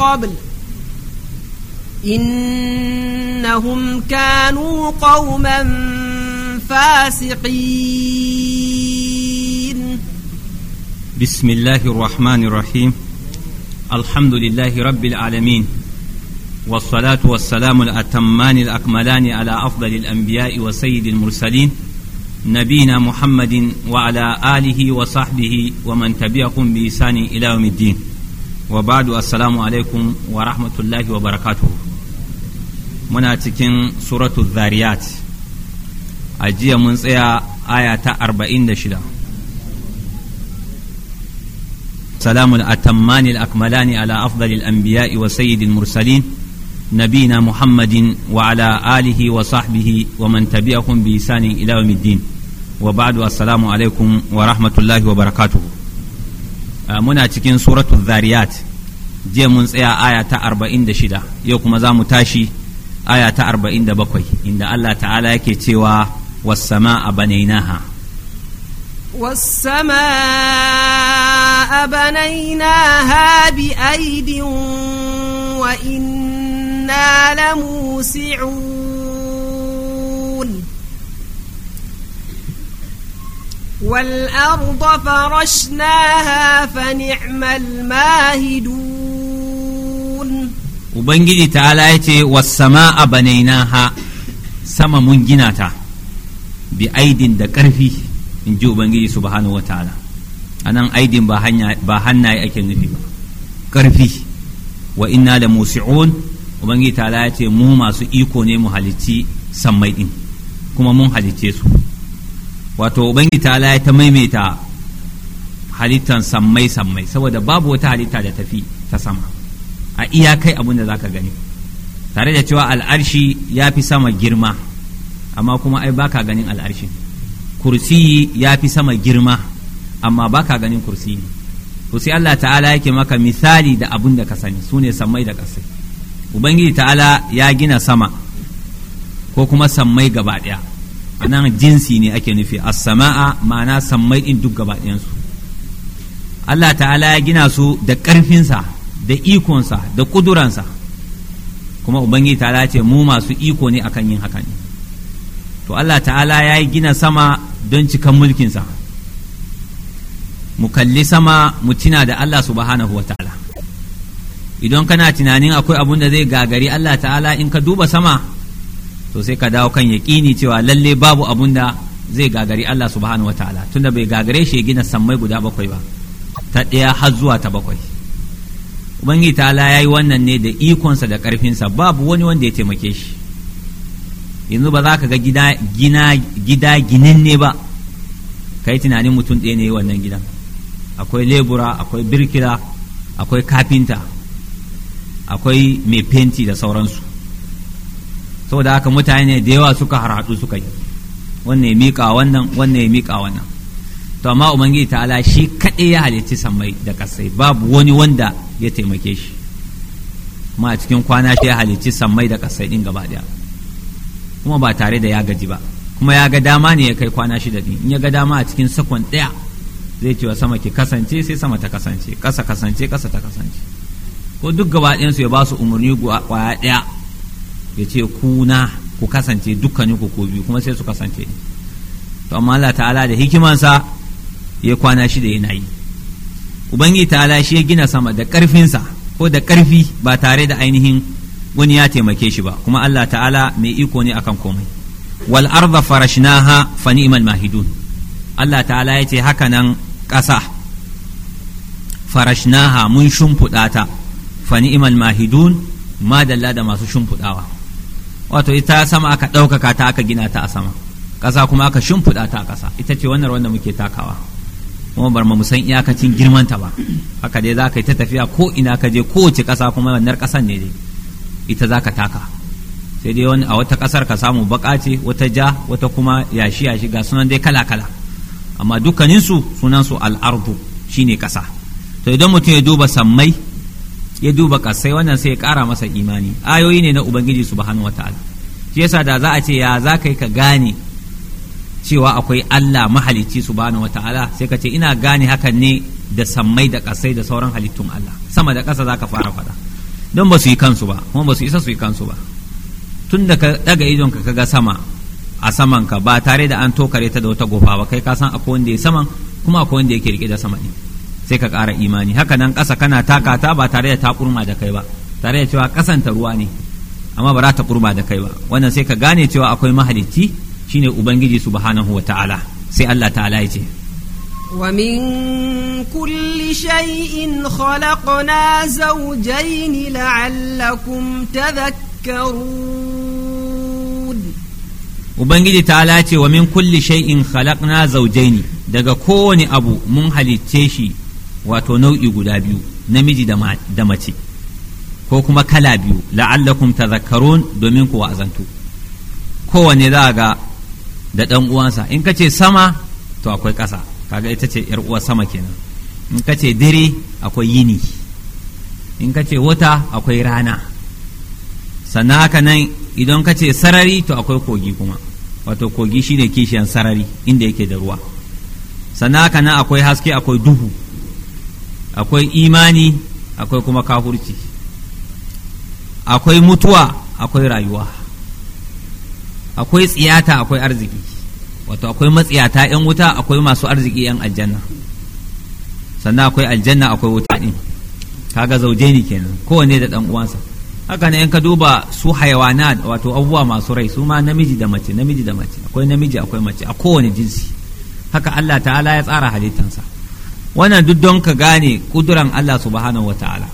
قبل إنهم كانوا قوما فاسقين بسم الله الرحمن الرحيم الحمد لله رب العالمين والصلاة والسلام الأتمان الأكملان على أفضل الأنبياء وسيد المرسلين نبينا محمد وعلى آله وصحبه ومن تبعهم بإحسان إلى يوم الدين wa badu assalamu alaikum wa rahmatullahi wa barakatuhu muna cikin suratul zariyat a jiya mun tsaya aya ta 46 salamul atammanil akmalani ala afdalil anbiya'i wa sayyidil mursalin nabina muhammadin wa ala alihi wa sahbihi wa man tabi'akum bi isanin ila wa ba'du assalamu alaikum wa rahmatullahi wa barakatuhu Ah, muna cikin suratu zariyat jiya mun tsaya aya ta arba'in da shida yau kuma za mu tashi aya ta arba'in da bakwai inda Allah ta'ala yake cewa wasama a banainaha والسماء بنيناها بأيد وإنا لموسعون والأرض فرشناها فنعم الماهدون Ubangiji ta'ala ya ce, Wasama a banaina ha, sama mun gina ta, bi aidin da ƙarfi, in ji Ubangiji subhanahu wa ta'ala. A nan aidin ba hannaye ake nufi ba, ƙarfi, wa inna da musi'un, Ubangiji ta'ala ya ce, mu masu iko ne mu halicci sammai ɗin, kuma mun halicce su. wato ubangi ta ya ta maimaita halittan sammai sammai saboda babu wata halitta da tafi ta sama a iyakai abin da zaka gani tare da cewa al'arshi ya fi sama girma amma kuma ai baka ganin al'arshi kursi ya fi sama girma amma baka ganin kursiyi kursi Allah ta'ala yake maka misali da abin da ka sani su ne sammai da ƙasai ubangiji ta'ala ya gina sama ko kuma sammai gaba ɗaya anan jinsi ne ake nufi as-sama'a ma'ana sammai din duk gaba ɗayansu Allah ta'ala ya gina su da ƙarfinsa da ikonsa da ƙuduransa kuma ubangiji ta'ala ce mu masu iko ne akan yin haka ne to Allah ta'ala ya yi gina sama don cikan mulkinsa mu kalli sama mu cina da Allah subhanahu wa ta'ala idan kana tunanin akwai abun da zai gagari Allah ta'ala in ka duba sama to sai ka dawo kan yaƙini cewa lalle babu abun da zai gagari Allah subhanahu wataala tunda bai gagare shi gina sammai guda bakwai ba ta ɗaya har zuwa ta bakwai ubangiji ta'ala ya yi wannan ne da ikonsa da ƙarfinsa babu wani wanda ya taimake shi yanzu ba za ka ga gida gina gida ne ba kai tunanin mutum ɗaya ne wannan gidan akwai lebura akwai birkila akwai kafinta akwai mai fenti da sauransu saboda haka mutane da yawa suka harhatsu suka yi wannan ya miƙa wannan wannan ya miƙa wannan to amma ubangiji ta'ala shi kaɗai ya halicci sammai da ƙasai babu wani wanda ya taimake shi Kuma a cikin kwana shi ya halicci sammai da ƙasai ɗin gaba ɗaya kuma ba tare da ya gaji ba kuma ya ga dama ne ya kai kwana shida ɗin in ya ga dama a cikin sakon ɗaya zai ce wa sama ki kasance sai sama ta kasance ƙasa kasance ƙasa ta kasance ko duk gaba ɗayansu ya ba su umarni ƙwaya ɗaya ya ce kuna ku kasance dukkanin ku ko biyu kuma sai su kasance to amma Allah ta'ala da hikimansa ya kwana shida yana yi ubangiji ta'ala shi ya gina sama da ƙarfinsa ko da ƙarfi ba tare da ainihin wani ya taimake shi ba kuma Allah ta'ala mai iko ne akan komai wal arda farashnaha fa ni'mal mahidun Allah ta'ala ya ce haka nan ƙasa farashnaha mun shumfuɗa ta fa ni'mal mahidun madalla da masu shumfuɗawa wato ita sama aka ɗaukaka ta aka gina ta a sama ƙasa kuma aka shimfiɗa ta a ƙasa ita ce wannan wanda muke takawa kuma bar mu san iyakacin girman ta ba haka dai za ka yi ta tafiya ko ina ka je kowace ƙasa kuma wannan ƙasan ne dai ita za ka taka sai dai wani a wata ƙasar ka samu baƙa ce wata ja wata kuma yashi yashi ga sunan dai kala kala amma dukkaninsu sunansu al'ardu shine ƙasa to idan mutum ya duba sammai ya duba kasai wannan sai ya kara masa imani ayoyi ne na ubangiji subhanahu wataala shi yasa da za a ce ya za kai ka gane cewa akwai Allah mahalicci subhanahu wataala sai ka ce ina gane hakan ne da sammai da kasai da sauran halittun Allah sama da za zaka fara fada don ba su yi kansu ba kuma ba su isa su yi kansu ba tun da ka daga idon ka ga sama a saman ka ba tare da an tokare ta da wata gofa ba kai ka san akwai wanda ya saman kuma akwai wanda yake rike da sama ne sai ka ƙara imani haka nan ƙasa kana taka ta ba tare da ta kurma da kai ba tare da cewa ƙasan ta ruwa ne amma ba za ta kurma da kai ba wannan sai ka gane cewa akwai mahalicci shine ubangiji subhanahu wa ta'ala sai Allah ta'ala ya ce ومن كل شيء خلقنا زوجين لعلكم تذكرون Ubangiji ta ce wa min kulli shay'in khalaqna zawjaini daga kowane abu mun halicce shi wato nau'i guda biyu namiji da mace ko kuma kala biyu la'allakum tazakkarun domin ku wa'azantu kowane za ga da ɗan uwansa in ka ce sama to akwai ƙasa kaga ita ce yar uwa sama kenan in ka ce dare akwai yini in ka ce wata akwai rana sannan haka nan idan ka ce sarari to akwai kogi kuma wato kogi shine kishiyan sarari inda yake da ruwa sannan haka nan akwai haske akwai duhu akwai imani akwai kuma kafurci akwai mutuwa akwai rayuwa akwai tsiyata akwai arziki wato akwai matsiyata 'yan wuta akwai masu arziki 'yan aljanna sannan akwai aljanna akwai wuta ɗin kaga zauje ni kenan kowane da ɗan uwansa haka ne in ka duba su hayawana wato abubuwa masu rai su ma namiji da mace namiji da mace akwai namiji akwai mace a kowane jinsi haka Allah ta'ala ya tsara halittansa wannan duk don ka gane kuduran Allah subhanahu ta'ala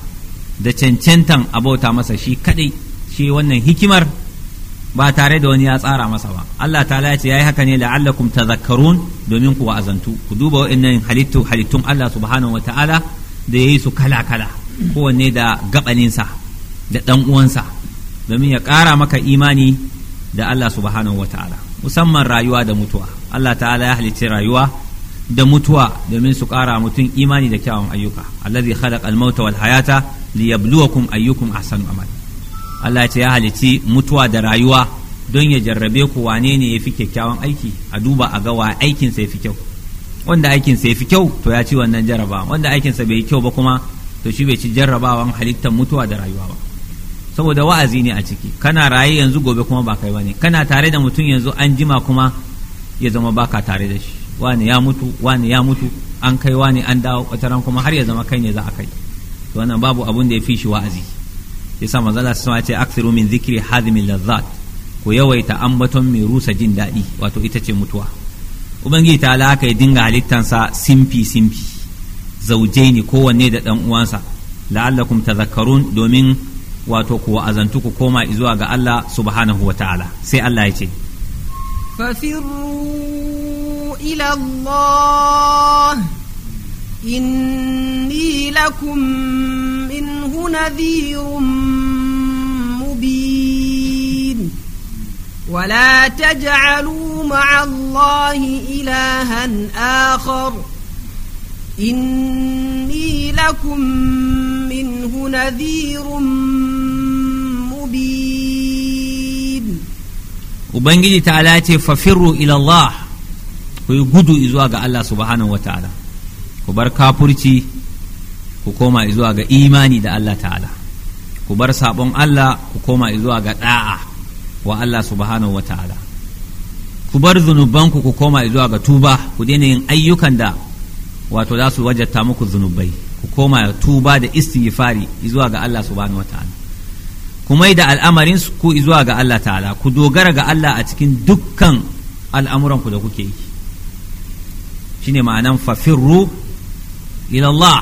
da cancantan abota masa shi kadai shi wannan hikimar ba tare da wani ya tsara masa ba Allah ta'ala ya ce yayi haka ne la'allakum tazakkarun domin ku wa'azantu ku duba wa'annan halittu halittun Allah subhanahu ta'ala da yayi su kala kala kowanne da gabaninsa da dan uwansa domin ya ƙara maka imani da Allah subhanahu ta'ala musamman rayuwa da mutuwa Allah ta'ala ya halicci rayuwa da mutuwa domin su kara mutum imani da kyawun ayyuka allazi khalaq al-mauta wal hayata liyabluwakum ayyukum ahsanu amal Allah ya ce ya halici mutuwa da rayuwa don ya jarrabe ku wane ne yafi kyakkyawan aiki a duba a ga wa aikin sa yafi kyau wanda aikin sa yafi kyau to ya ci wannan jarraba wanda aikin sa bai kyau ba kuma to shi bai ci jarrabawan halittar mutuwa da rayuwa ba saboda wa'azi ne a ciki kana raye yanzu gobe kuma ba kai bane kana tare da mutum yanzu an jima kuma ya zama baka tare da shi wani ya mutu wani ya mutu an kai wani an dawo wataran kuma har ya zama kai ne za a kai to wannan babu abun da ya fi shi wa'azi yasa manzala sun ce akthiru min zikri lazzat ku yawaita ambaton mai rusa jin daɗi wato ita ce mutuwa ubangiji ta haka ya dinga halittansa simfi simfi ne kowanne da ɗan uwansa la'allakum tazakkarun domin wato ku wa'azantu ku koma izuwa ga Allah subhanahu wa ta'ala sai Allah ya ce fafirru إلى الله إني لكم منه نذير مبين ولا تجعلوا مع الله إلها آخر إني لكم منه نذير مبين وبنجي تعالى ففروا إلى الله ku yi gudu zuwa ga Allah subhanahu wa ta'ala ku bar kafurci ku koma zuwa ga imani da Allah ta'ala ku bar sabon Allah ku koma zuwa ga da'a wa Allah subhanahu wa ta'ala ku bar zunubanku ku koma zuwa ga tuba ku daina yin ayyukan da wato za su wajatta muku zunubai ku koma tuba da istighfari zuwa ga Allah subhanahu ta'ala ku mai da al'amarin ku zuwa ga Allah ta'ala ku dogara ga Allah a cikin dukkan al'amuran ku da kuke yi shine ma'anan fafirru ila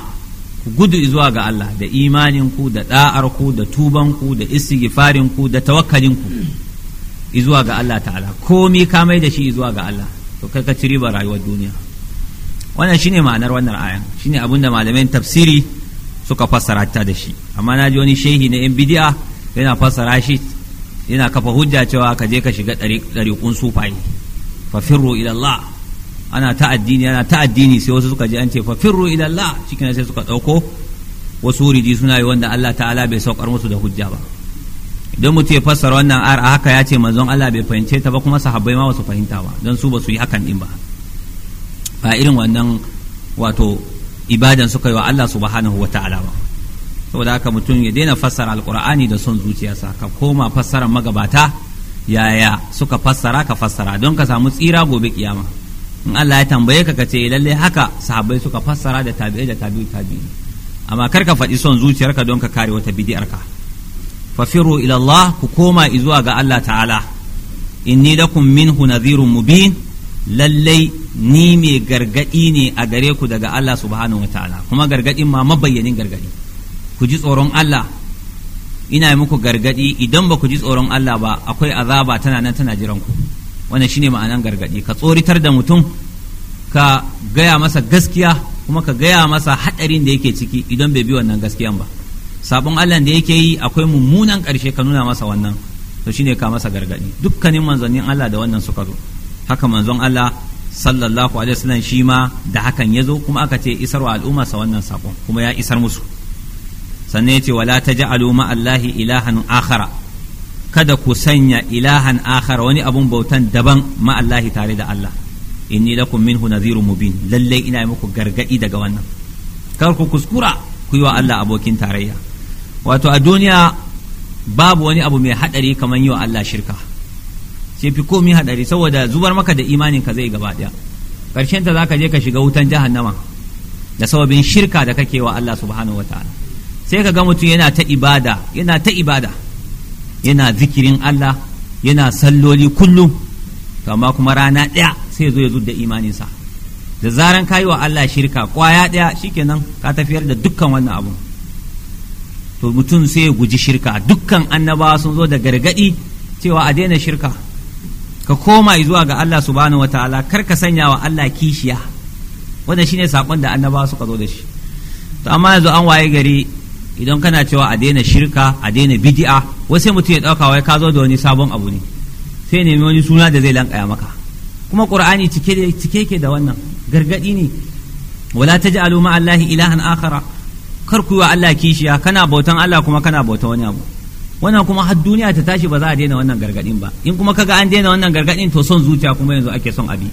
ku gudu zuwa ga Allah da imanin ku da da'ar ku da tubanku da istighfarin da tawakkalin ku zuwa ga Allah ta'ala komai ka mai da shi zuwa ga Allah to kai ka ci riba rayuwar duniya wannan shine ma'anar wannan ayan shine abin da malamin tafsiri suka fassara ta da shi amma na ji wani shehi na yan bidi'a yana fassara shi yana kafa hujja cewa ka je ka shiga ɗariƙun sufaye fafirru ila Allah ana ta addini ana ta addini sai wasu suka ji an ce fa firru ila Allah cikin sai suka dauko wasu riji suna yi wanda Allah ta'ala bai saukar musu da hujja ba idan mutum ya fassara wannan ar haka ya ce manzon Allah bai fahimce ta ba kuma sahabbai ma wasu fahimta ba don su ba su yi hakan din ba ba irin wannan wato ibadan suka yi wa Allah subhanahu wa ta'ala ba saboda haka mutum ya daina fassara alqur'ani da son zuciyarsa ka koma fassara magabata yaya suka fassara ka fassara don ka samu tsira gobe kiyama in Allah ya tambaye ka ka ce eh, lalle haka sahabbai suka fassara da tabi'ai da tabi'u tabi'i amma kar ka faɗi son zuciyarka don ka kare wata bidiyar ka fafiru ila Allah ku koma izuwa ga Allah ta'ala inni lakum minhu nadhirun mubin lallai ni mai gargaɗi ne a gare ku daga Allah subhanahu wa ta'ala kuma gargadin ma mabayyanin gargadi ku ji tsoron Allah ina muku gargadi idan ba ku ji tsoron Allah ba akwai azaba tana nan tana jiran ku wannan shine ma'anan gargadi ka tsoritar da mutum ka gaya masa gaskiya kuma ka gaya masa hadarin da yake ciki idan bai bi wannan gaskiyan ba sabon Allah da yake yi akwai mummunan karshe ka nuna masa wannan to shine ka masa gargadi dukkanin manzannin Allah da wannan suka zo haka manzon Allah sallallahu alaihi wasallam shi ma da hakan ya zo kuma aka ce isar wa al'umma sa wannan sakon kuma ya isar musu sannan ya ce wala taj'alu ma Allahi ilahan akhara kada ku sanya ilahan akhar wani abun bautan daban ma Allah tare da Allah inni lakum minhu nadhirun mubin lalle ina muku gargadi daga wannan kar ku kuskura ku wa Allah abokin tarayya wato a duniya babu wani abu mai hadari kamar yi wa Allah shirka sai fi komai hadari saboda zubar maka da imanin ka zai gaba daya karshen ta zaka je ka shiga wutan jahannama da sababin shirka da kake wa Allah subhanahu wataala sai ka ga mutum yana ta ibada yana ta ibada yana zikirin Allah yana salloli kullum to amma kuma rana ɗaya sai zo ya zudda imaninsa da zaran kayi wa Allah shirka kwaya ɗaya shikenan ka tafiyar da dukkan wannan abun to mutum sai ya guji shirka dukkan annabawa sun zo da gargaɗi cewa a daina shirka ka koma zuwa ga Allah subhanahu wataala kar ka sanya wa Allah kishiya wannan shine sakon da annabawa suka zo da shi to amma yanzu an waye gari idan kana cewa a daina shirka a daina bidi'a wasu mutum ya ɗauka wai ka zo da wani sabon abu ne sai nemi wani suna da zai lankaya maka kuma qur'ani cike cike ke da wannan gargadi ne wala taj'alu ma allahi ilahan akhara kar ku wa Allah kishiya kana bautan Allah kuma kana bauta wani abu wannan kuma har duniya ta tashi ba za a daina wannan gargadin ba in kuma kaga an daina wannan gargadin to son zuciya kuma yanzu ake son abi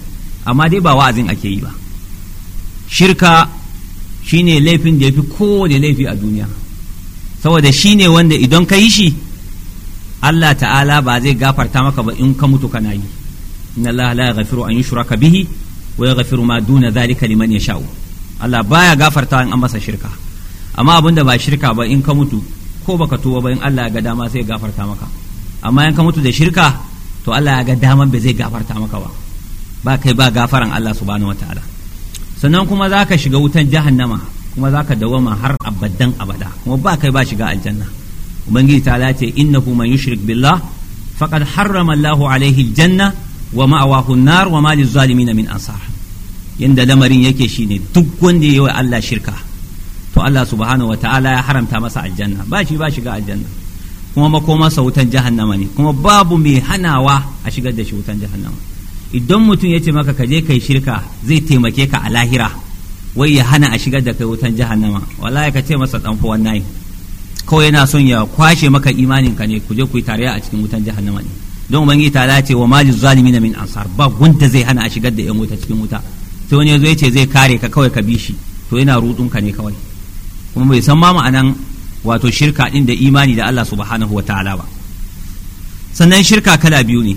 amma dai ba wa'azin ake yi ba shirka shine laifin da yafi kowane laifi a duniya saboda shi ne wanda idan ka yi shi Allah ta'ala ba zai gafarta maka ba in ka mutu kana yi inna Allah la yaghfiru an yushraka bihi wa yaghfiru ma duna dhalika liman yasha'u Allah baya gafarta in an masa shirka amma abinda ba shirka ba in ka mutu ko baka tuba ba in Allah ya ga dama sai ya gafarta maka amma in ka mutu da shirka to Allah ya ga daman bai zai gafarta maka ba ba kai ba gafaran Allah subhanahu wataala sannan kuma zaka shiga wutan jahannama kuma za ka dawama har abadan abada kuma ba kai ba shiga aljanna ubangiji ta lace innahu man yushrik billah faqad harrama Allahu alaihi aljanna wa ma'awahu nar wa ma lizalimin min ansar yanda lamarin yake shine duk wanda yayi wa Allah shirka to Allah subhanahu wa ta'ala ya haramta masa aljanna ba shi ba shiga aljanna kuma makoma sa wutan jahannama ne kuma babu mai hanawa a shigar da shi wutan jahannama idan mutum ya ce maka ka je kai shirka zai taimake ka a lahira wai ya hana a shigar da kai wutan jahannama wallahi ka ce masa dan fuwan nayi ko yana son ya kwashe maka imanin ka ne ku je ku yi tarayya a cikin wutan jahannama ne don ubangiji ta ce wa malil zalimin min ansar ba gunta zai hana a shigar da yan wuta cikin wuta sai wani yazo ce zai kare ka kawai ka bi shi to yana rudun ka ne kawai kuma bai san ma ma'anan wato shirka din da imani da Allah subhanahu wataala ba sannan shirka kala biyu ne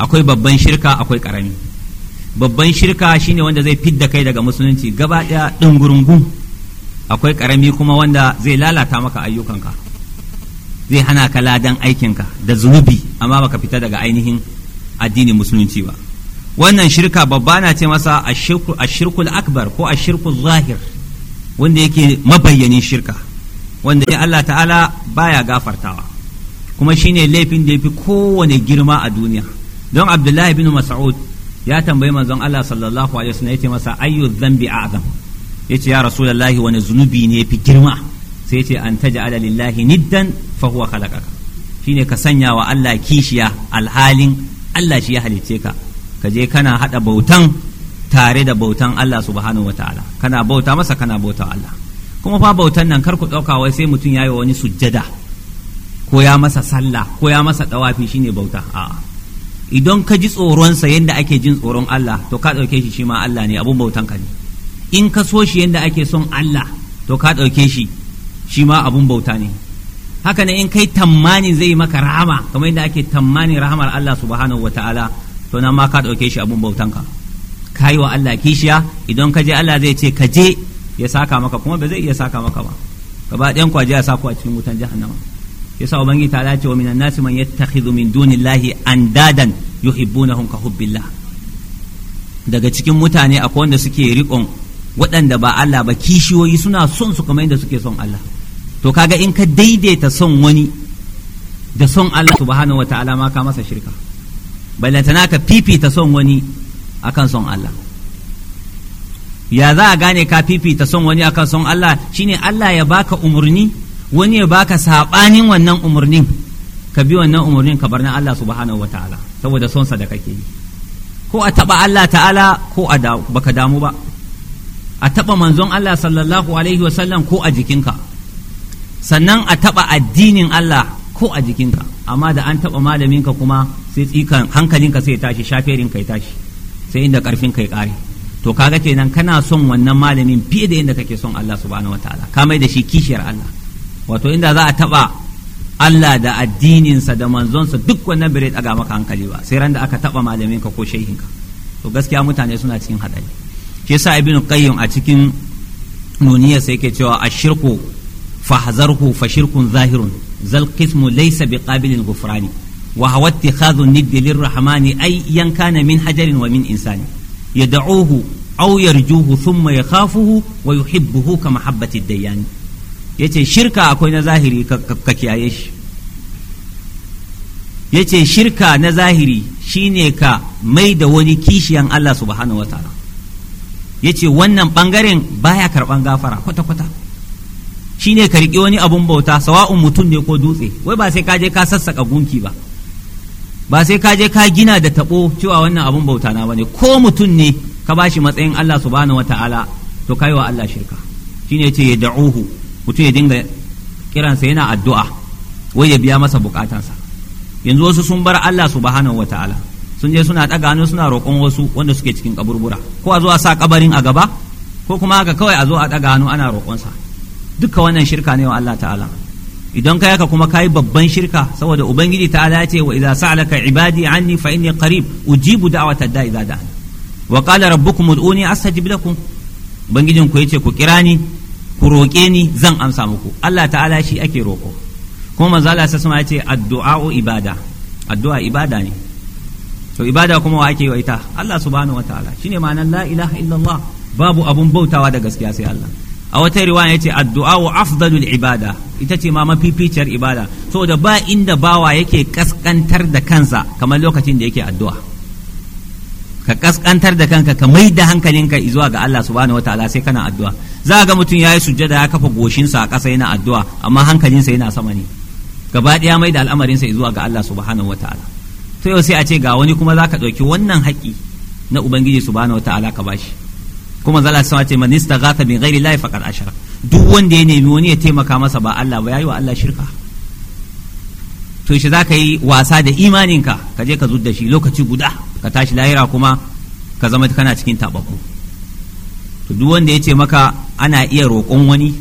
akwai babban shirka akwai karami babban shirka shine wanda zai fidda kai daga musulunci gaba ɗaya ɗungurungun akwai ƙarami kuma wanda zai lalata maka ayyukanka zai hana ka ladan aikinka da zunubi amma baka fita daga ainihin addinin musulunci ba wannan shirka babba na ce masa ashirkul akbar ko ashirkul zahir wanda yake mabayyanin shirka wanda ne Allah ta'ala baya gafartawa kuma shine laifin da ya fi kowane girma a duniya don abdullahi bin mas'ud ya tambayi manzon Allah sallallahu alaihi wasallam yace masa ayyu dhanbi a'zam yace ya rasulullahi wani zunubi ne fi girma sai yace an alalillahi lillahi niddan fa huwa khalaqaka shine ka sanya wa Allah kishiya alhalin Allah shi ya halicce ka ka je kana hada bautan tare da bautan Allah subhanahu wataala kana bauta masa kana bauta Allah kuma fa bautan nan kar ku dauka wai sai mutum yayi wani sujjada ko ya masa sallah ko ya masa dawafi shine bauta a'a idan ka ji tsoronsa yadda ake jin tsoron Allah to ka ɗauke shi shi ma Allah ne abun bautan ka ne in ka so shi yadda ake son Allah to ka ɗauke shi shi ma abun bauta ne haka ne in kai tammanin zai maka rahama kamar yadda ake tammanin rahamar Allah subhanahu wa ta'ala to nan ma ka ɗauke shi abun bautan ka ka yi wa Allah kishiya idan ka je Allah zai ce ka je ya saka maka kuma ba zai iya saka maka ba gaba ɗayan kwaje ya sa ku a cikin wutan jahannama yasa ubangiji ta ce wa minan nasi man yattakhidhu min dunillahi andadan yuhibbunahum ka hubbillah daga cikin mutane akwai wanda suke riƙon waɗanda ba Allah ba kishiyoyi suna son su kamar yadda suke son Allah to kaga in ka daidaita son wani da son Allah subhanahu wataala ma ka masa shirka ballantana ka fifita son wani akan son Allah ya za a gane ka fifita son wani akan son Allah shine Allah ya baka umarni wani ya baka sabanin wannan umarnin ka bi wannan umarnin ka bar na Allah subhanahu wataala saboda son da kake yi ko a taba Allah ta'ala ko a baka damu ba a taba manzon Allah sallallahu alaihi wasallam ko a jikinka sannan a taba addinin Allah ko a jikinka amma da an taba malaminka kuma sai tsikan hankalinka sai ya tashi ka ya tashi sai inda karfinka ya kare to kaga kenan kana son wannan malamin fiye da yadda kake son Allah subhanahu wataala ka mai da shi kishiyar Allah wato inda za a taba Allah da addininsa da manzonsa duk wannan a daga maka hankali ba sai ran da aka taba malamin ka ko shehinka to gaskiya mutane suna cikin hadari ke yasa ibnu qayyim a cikin nuniya sai yake cewa ashirku fahzarhu fashirkun zahirun zal qismu laysa biqabilin ghufrani wa hawa ittikhadhu nidd lirrahmani ay yan min hajarin wa min insani yad'uhu aw yarjuhu thumma yakhafuhu wa yuhibbuhu ka mahabbati dayyani dayani yace shirka akwai na zahiri ka kiyaye shi yace shirka na zahiri shine ka mai da wani kishiyan Allah subhanahu ya yace wannan bangaren baya karban gafara kwata kwata shine ka riƙe wani abun bauta sawa'un mutum ne ko dutse wai ba sai ka je ka sassaka gunki ba ba sai ka je ka gina da tabo cewa wannan abun bauta na bane ko mutum ne ka bashi matsayin Allah subhanahu wataala to kai wa Allah shirka shine yace ya da'uhu mutum ya dinga kiransa yana addu'a wai ya biya masa bukatansa yanzu wasu sun bar Allah subhanahu ta'ala sun je suna ɗaga hannu suna roƙon wasu wanda suke cikin kaburbura ko a zo a sa kabarin a gaba ko kuma haka kawai a zo a ɗaga hannu ana roƙonsa duka wannan shirka ne wa Allah ta'ala idan ka kuma kayi babban shirka saboda ubangiji ta'ala ya ce wa idza sa'alaka ibadi anni fa inni qarib ujibu da'wata da'i idza da'an wa qala rabbukum ud'uni astajib lakum ubangijin ku yace ku kira ni ku roƙe ni zan amsa muku Allah ta'ala shi ake roƙo kuma manzo Allah ya ce addu'a ibada addu'a ibada ne to ibada kuma wa ake yi wa ita Allah subhanahu wataala shine ma'anar la ilaha illallah babu abun bautawa da gaskiya sai Allah a wata riwaya yace addu'a wa afdalul ibada ita ce ma mafificiyar ibada saboda ba inda bawa yake kaskantar da kansa kamar lokacin da yake addu'a ka kaskantar da kanka ka mai da hankalinka zuwa ga Allah subhanahu wataala sai kana addu'a za ga mutum yayi sujjada ya kafa goshinsa a ƙasa yana addu'a amma hankalinsa yana sama ne gaba ɗaya mai da al'amarinsa zuwa ga Allah subhanahu wataala to yau sai a ce ga wani kuma za ka ɗauki wannan haƙƙi na ubangiji subhanahu wataala ka bashi kuma zala sama ce minista istaghatha bi ghairi lahi faqad ashrak duk wanda ya nemi wani ya taimaka masa ba Allah ba yayi wa Allah shirka to shi za ka yi wasa da imaninka ka je ka zub da shi lokaci guda ka tashi lahira kuma ka zama kana cikin taɓaɓɓu. to duk wanda ya ce maka ana iya roƙon wani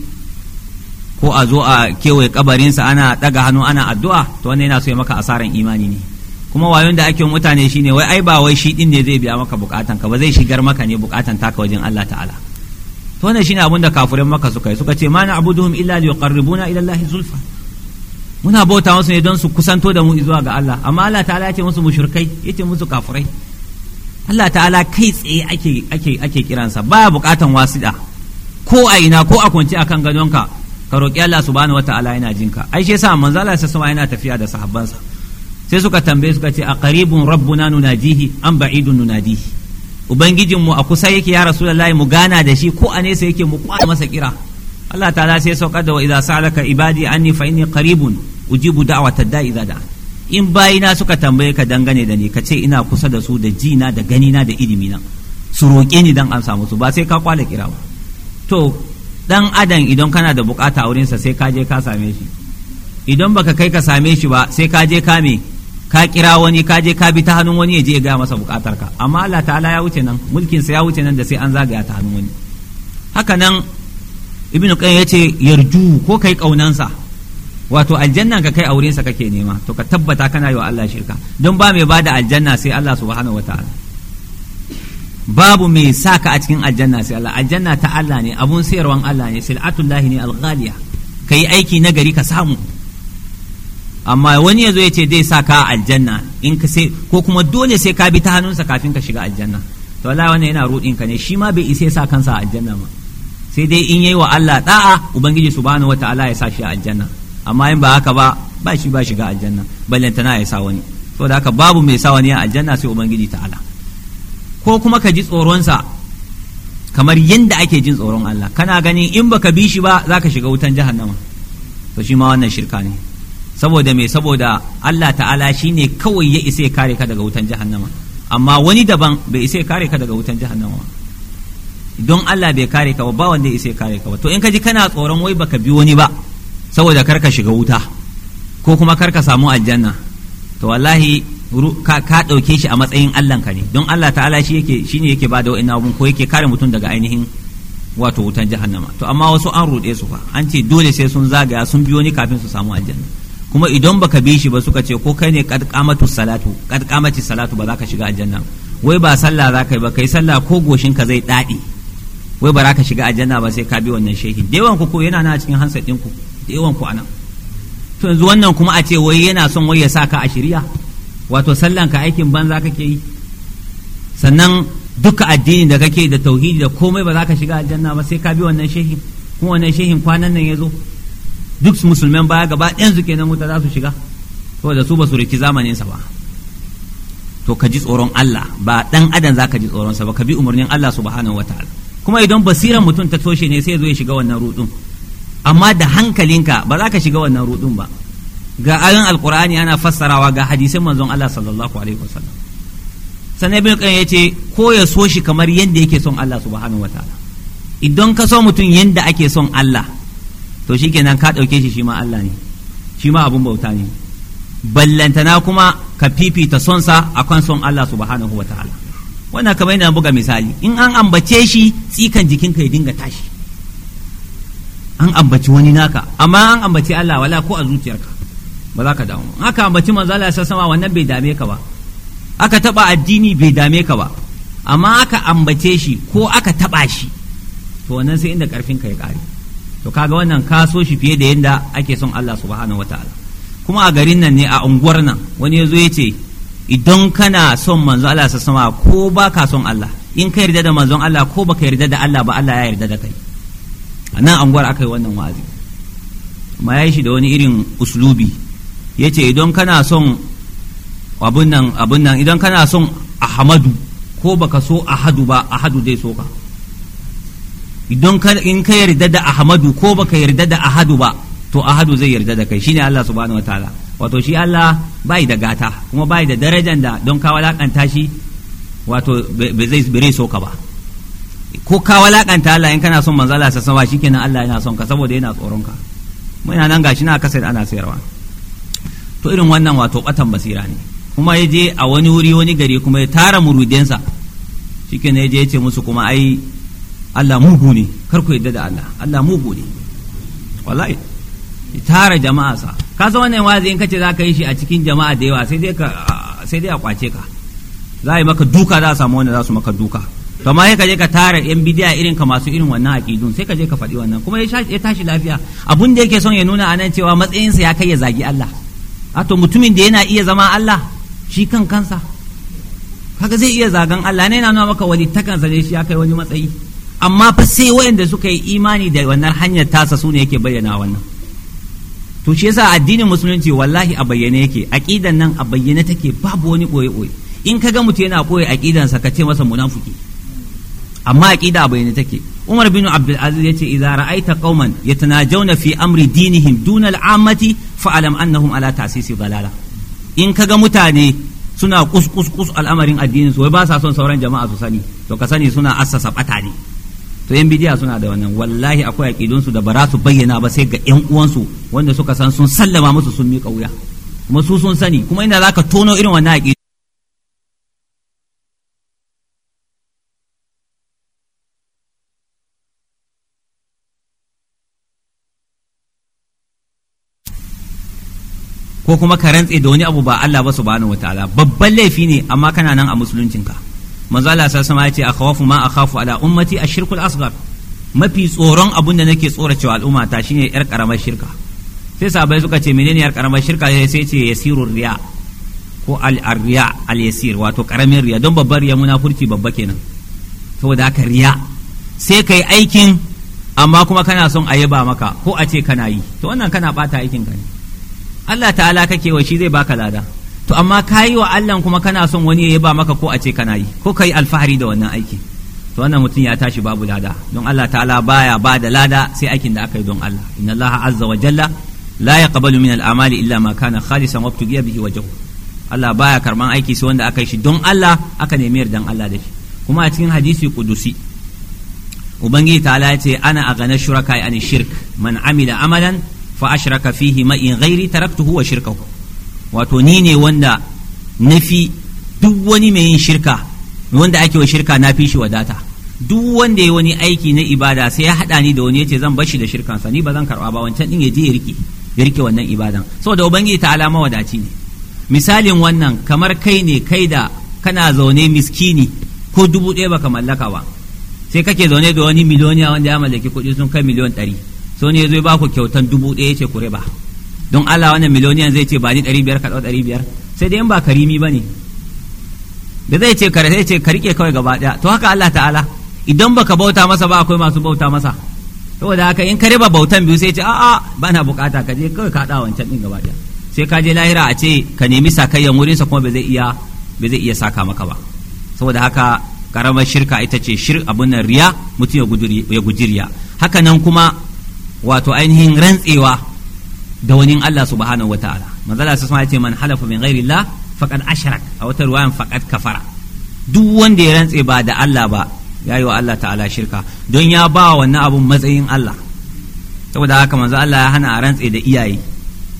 ko a zo a kewaye kabarinsa ana ɗaga hannu ana addu'a to wanda yana so ya maka asaran imani ne kuma wayon da ake mutane shi ne wai ai ba wai shi ɗin ne zai biya maka bukatan ka ba zai shigar maka ne bukatan taka wajen Allah ta'ala to wannan shine abin da kafirin maka suka yi suka ce ma na abuduhum illa liqarribuna ila Allah zulfa muna bauta musu ne don su kusanto da mu zuwa ga Allah amma Allah ta'ala ya ce musu mushrikai ya ce musu kafirai Allah ta'ala kai tsaye ake ake ake kiransa baya bukatan wasida ko a ina ko a kwance akan gadonka ka roƙi Allah subhanahu wata'ala yana jinka ai shi yasa manzo Allah sai sama yana tafiya da sahabbansa sai suka tambaye suka ce a qaribun rabbuna nunajihi an ba'idun nunajihi ubangijinmu a kusa yake ya rasulullahi mu gana da shi ko a nesa yake mu kwana masa kira Allah ta sai saukar da wa idza ka ibadi anni fa inni qaribun ujibu da'wata da'i idza da'a in bayina suka tambaye ka dangane da ni ka ce ina kusa da su da jina da gani na da ilimi na su roƙe ni dan amsa musu ba sai ka kwale kira ba to dan adam idan kana da bukata a wurinsa sai ka je ka same shi idan baka kai ka same shi ba sai ka je ka me ka kira wani ka je ka bi ta hannun wani ya je ya gaya masa bukatarka amma Allah ta'ala ya wuce nan mulkin ya wuce nan da sai an zagaya ta hannun wani haka nan ibnu qayyim yace yarju ko kai kaunansa wato aljanna ka kai sa kake nema to ka tabbata kana yi wa Allah shirka don ba mai bada aljanna sai Allah subhanahu wataala babu mai saka a cikin aljanna sai Allah aljanna ta Allah ne abun sayarwan Allah ne sil'atullahi ne alghaliya kai aiki na gari ka samu amma wani yazo ya ce zai saka aljanna in ka sai ko kuma dole sai ka bi ta hannunsa kafin ka shiga aljanna to wallahi wannan yana rudin ka ne shi ma bai isa sa kansa aljanna ma sai dai in yayi wa Allah da'a ubangiji subhanahu wataala ya sa shi a aljanna amma in ba haka ba ba shi ba shiga aljanna ballantana ya sa wani saboda haka babu mai sa wani a aljanna sai ubangiji ta'ala ko kuma ka ji tsoronsa kamar yadda ake jin tsoron Allah kana gani in baka bi shi ba zaka shiga wutan jahannama to shi ma wannan shirka ne saboda me saboda Allah ta'ala shine kawai ya isa ya kare ka daga wutan jahannama amma wani daban bai isa ya kare ka daga wutan jahannama ba don Allah bai kare ka ba ba wanda ya kare ka ba to in ka ji kana tsoron wai baka bi wani ba saboda kar ka shiga wuta ko kuma kar ka samu aljanna to wallahi ka ɗauke shi a matsayin Allah ka ne don Allah ta'ala shi yake shine yake bada wa'annan abun ko yake kare mutum daga ainihin wato wutan jahannama to amma wasu an rude su fa an ce dole sai sun zagaya sun biyo ni kafin su samu aljanna kuma idan baka bi shi ba suka ce ko kai ne kad qamatu salatu kad qamati salatu ba za ka shiga aljanna wai ba sallah za ka yi ba kai sallah ko goshin ka zai dadi wai ba za ka shiga aljanna ba sai ka bi wannan shehin da yawan ku ko yana na cikin hansa ɗin ku da yawan ku anan to yanzu wannan kuma a ce wai yana son wai ya sa ka a shirya wato sallan ka aikin banza kake yi sannan duka addini da kake da tauhidi da komai ba za ka shiga aljanna ba sai ka bi wannan shehin kuma wannan shehin kwanan nan ya zo duk musulman baya gaba ɗayan su kenan wuta za su shiga saboda su ba su riki zamanin sa ba to ka ji tsoron Allah ba dan adam za ka ji tsoron sa ba ka bi umarnin Allah subhanahu wataala kuma idan basiran mutum ta toshe ne sai zo ya shiga wannan rudun amma da hankalinka ba za ka shiga wannan rudun ba ga ayon alkur'ani ana fassarawa ga hadisin manzon Allah sallallahu alaihi wasallam sannan ibn qayyim yace ko ya so shi kamar yadda yake son Allah subhanahu wataala idan ka so mutum yadda ake son Allah to shikenan ka dauke shi shi ma Allah ne shi ma abun bauta ne ballantana kuma ka fifita sonsa akan son Allah subhanahu wataala wannan kamar yana buga misali in an ambace shi tsikan jikinka ya dinga tashi an ambaci wani naka amma an ambaci Allah wala ko a zuciyarka ba za ka damu aka ambaci manzo Allah ya sama wannan bai dame ka ba aka taba addini bai dame ka ba amma aka ambace shi ko aka taba shi to wannan sai inda karfin ka ya kare to kaga wannan ka so shi fiye da yanda ake son Allah subhanahu wataala kuma a garin nan ne a unguwar nan wani ya zo ya ce idan kana son manzon Allah sama ko ba ka son Allah in ka yarda da manzon Allah ko baka yarda da Allah ba Allah ya yarda da kai a nan anguwar aka yi wannan wa'azi amma ya yi shi da wani irin uslubi ya ce idan kana son abun nan abun nan idan kana son ahmadu ko baka so ahadu ba ahadu zai so ka idan in ka yarda da ahmadu ko baka yarda da ahadu ba to ahadu zai yarda da kai shine Allah subhanahu wataala wato shi Allah bai da gata kuma bai da darajar da don ka walakanta shi wato ba zai bire so ka ba ko ka walakanta Allah in kana son manzo Allah sa sama shikenan Allah yana son ka saboda yana tsoron ka ina nan gashi na kasar ana sayarwa to irin wannan wato batan basira ne kuma ya je a wani wuri wani gari kuma ya tara murudensa shikenan ya je ya ce musu kuma ai Allah mugu ne kar ku yadda da Allah Allah mugu ne wallahi tara jama'a sa ka san wannan wazi in kace za ka yi shi a cikin jama'a da yawa sai dai ka sai dai a kwace ka za a yi maka duka za a samu wanda za su maka duka to amma ka je ka tara yan bidiya irin ka masu irin wannan aqidun sai ka je ka faɗi wannan kuma ya tashi lafiya abun da yake son ya nuna anan cewa matsayinsa ya kai ya zagi Allah a mutumin da yana iya zama Allah shi kan kansa kaga zai iya zagan Allah ne yana nuna maka takan ne shi ya kai wani matsayi amma fa sai waɗanda suka yi imani da wannan hanyar tasa su ne yake bayyana wannan to shi yasa addinin musulunci wallahi a bayyane yake aqidan nan a bayyane take babu wani boye boye in ga mutum yana koyi aqidan sa ka ce masa munafiki amma aqida a bayyane take Umar bin Abdul Aziz yace idza ra'aita qauman yatanajawna fi amri dinihim duna al'amati fa'alam annahum ala ta'sisi dalala in kaga mutane suna kus kus kus al'amarin addinin su wai ba sa son sauran jama'a su sani to ka sani suna assasa bata ne to yan bidiya suna da wannan wallahi akwai su da ba su bayyana ba sai ga yan uwansu wanda suka san sun sallama musu sun miƙa wuya kuma su sun sani kuma ina zaka tono irin wannan aqidun ko kuma ka rantse da wani abu ba Allah ba subhanahu wataala babban laifi ne amma kana nan a musuluncinka manzo Allah sallallahu ya ce akhafu ma akhafu ala ummati shirkul asghar mafi tsoron abun da nake tsoracewa al'umma ta shine yar karamar shirka sai sahabbai suka ce menene yar karamar shirka sai ce yasirur riya ko al riya al yasir wato karamin riya don babbar riya munafurci babba kenan saboda haka riya sai kai aikin amma kuma kana son a yaba maka ko a ce kana yi to wannan kana bata aikin ka ne Allah ta'ala kake wa shi zai baka lada to amma ka yi wa Allah kuma kana son wani ya ba maka ko a ce kana yi ko ka yi alfahari da wannan aiki to wannan mutum ya tashi babu lada don Allah ta'ala baya ba da lada sai aikin da aka yi don Allah inna Allah azza wa jalla la yaqbalu min al-amali illa ma kana khalisan wa tugiya bihi wajhu Allah baya karman aiki sai wanda aka yi shi don Allah aka nemi yardan Allah da shi kuma a cikin hadisi kudusi ubangiji ta'ala ya ce ana agana shuraka ani shirk man amila amalan fa ashraka fihi ma in ghairi taraktuhu wa shirkahu wato ni ne wanda nafi duk wani mai yin shirka wanda ake wa shirka na fi shi wadata duk wanda ya wani aiki na ibada sai ya haɗa ni da wani yace zan shi da shirkansa ni ba zan karɓa ba wancan din ya je ya rike ya rike wannan ibadan saboda ubangiji ta alama wadaci ne misalin wannan kamar kai ne kai da kana zaune miskini ko dubu ɗaya baka mallaka ba sai kake zaune da wani miliyoniya wanda ya mallaki kuɗi sun kai miliyon ɗari sai ne ya zo ya baku kyautan dubu ɗaya ya ce ku riba don Allah wannan miliyoniyan zai ce ba ni ɗari biyar ka ɗau ɗari biyar sai dai in ba karimi ba ne da zai ce kare sai ce ka riƙe kawai gaba ɗaya to haka Allah ta'ala idan baka bauta masa ba akwai masu bauta masa saboda haka in ka riba bautan biyu sai ce a'a ba na bukata ka je kawai ka haɗa wancan ɗin gaba ɗaya sai ka je lahira a ce ka nemi sakayyan wurinsa kuma ba zai iya ba zai iya saka maka ba saboda haka karamar shirka ita ce shir abun nan riya mutum ya gujiriya haka nan kuma wato ainihin rantsewa da wani Allah subhanahu wataala manzala sa ya ce man halafa min ghairi Allah faqad ashrak a wata ruwayan faqad kafara duk wanda ya rantse ba da Allah ba ya yi wa Allah ta'ala shirka don ya ba wannan abun matsayin Allah saboda haka manzo Allah ya hana a rantse da iyaye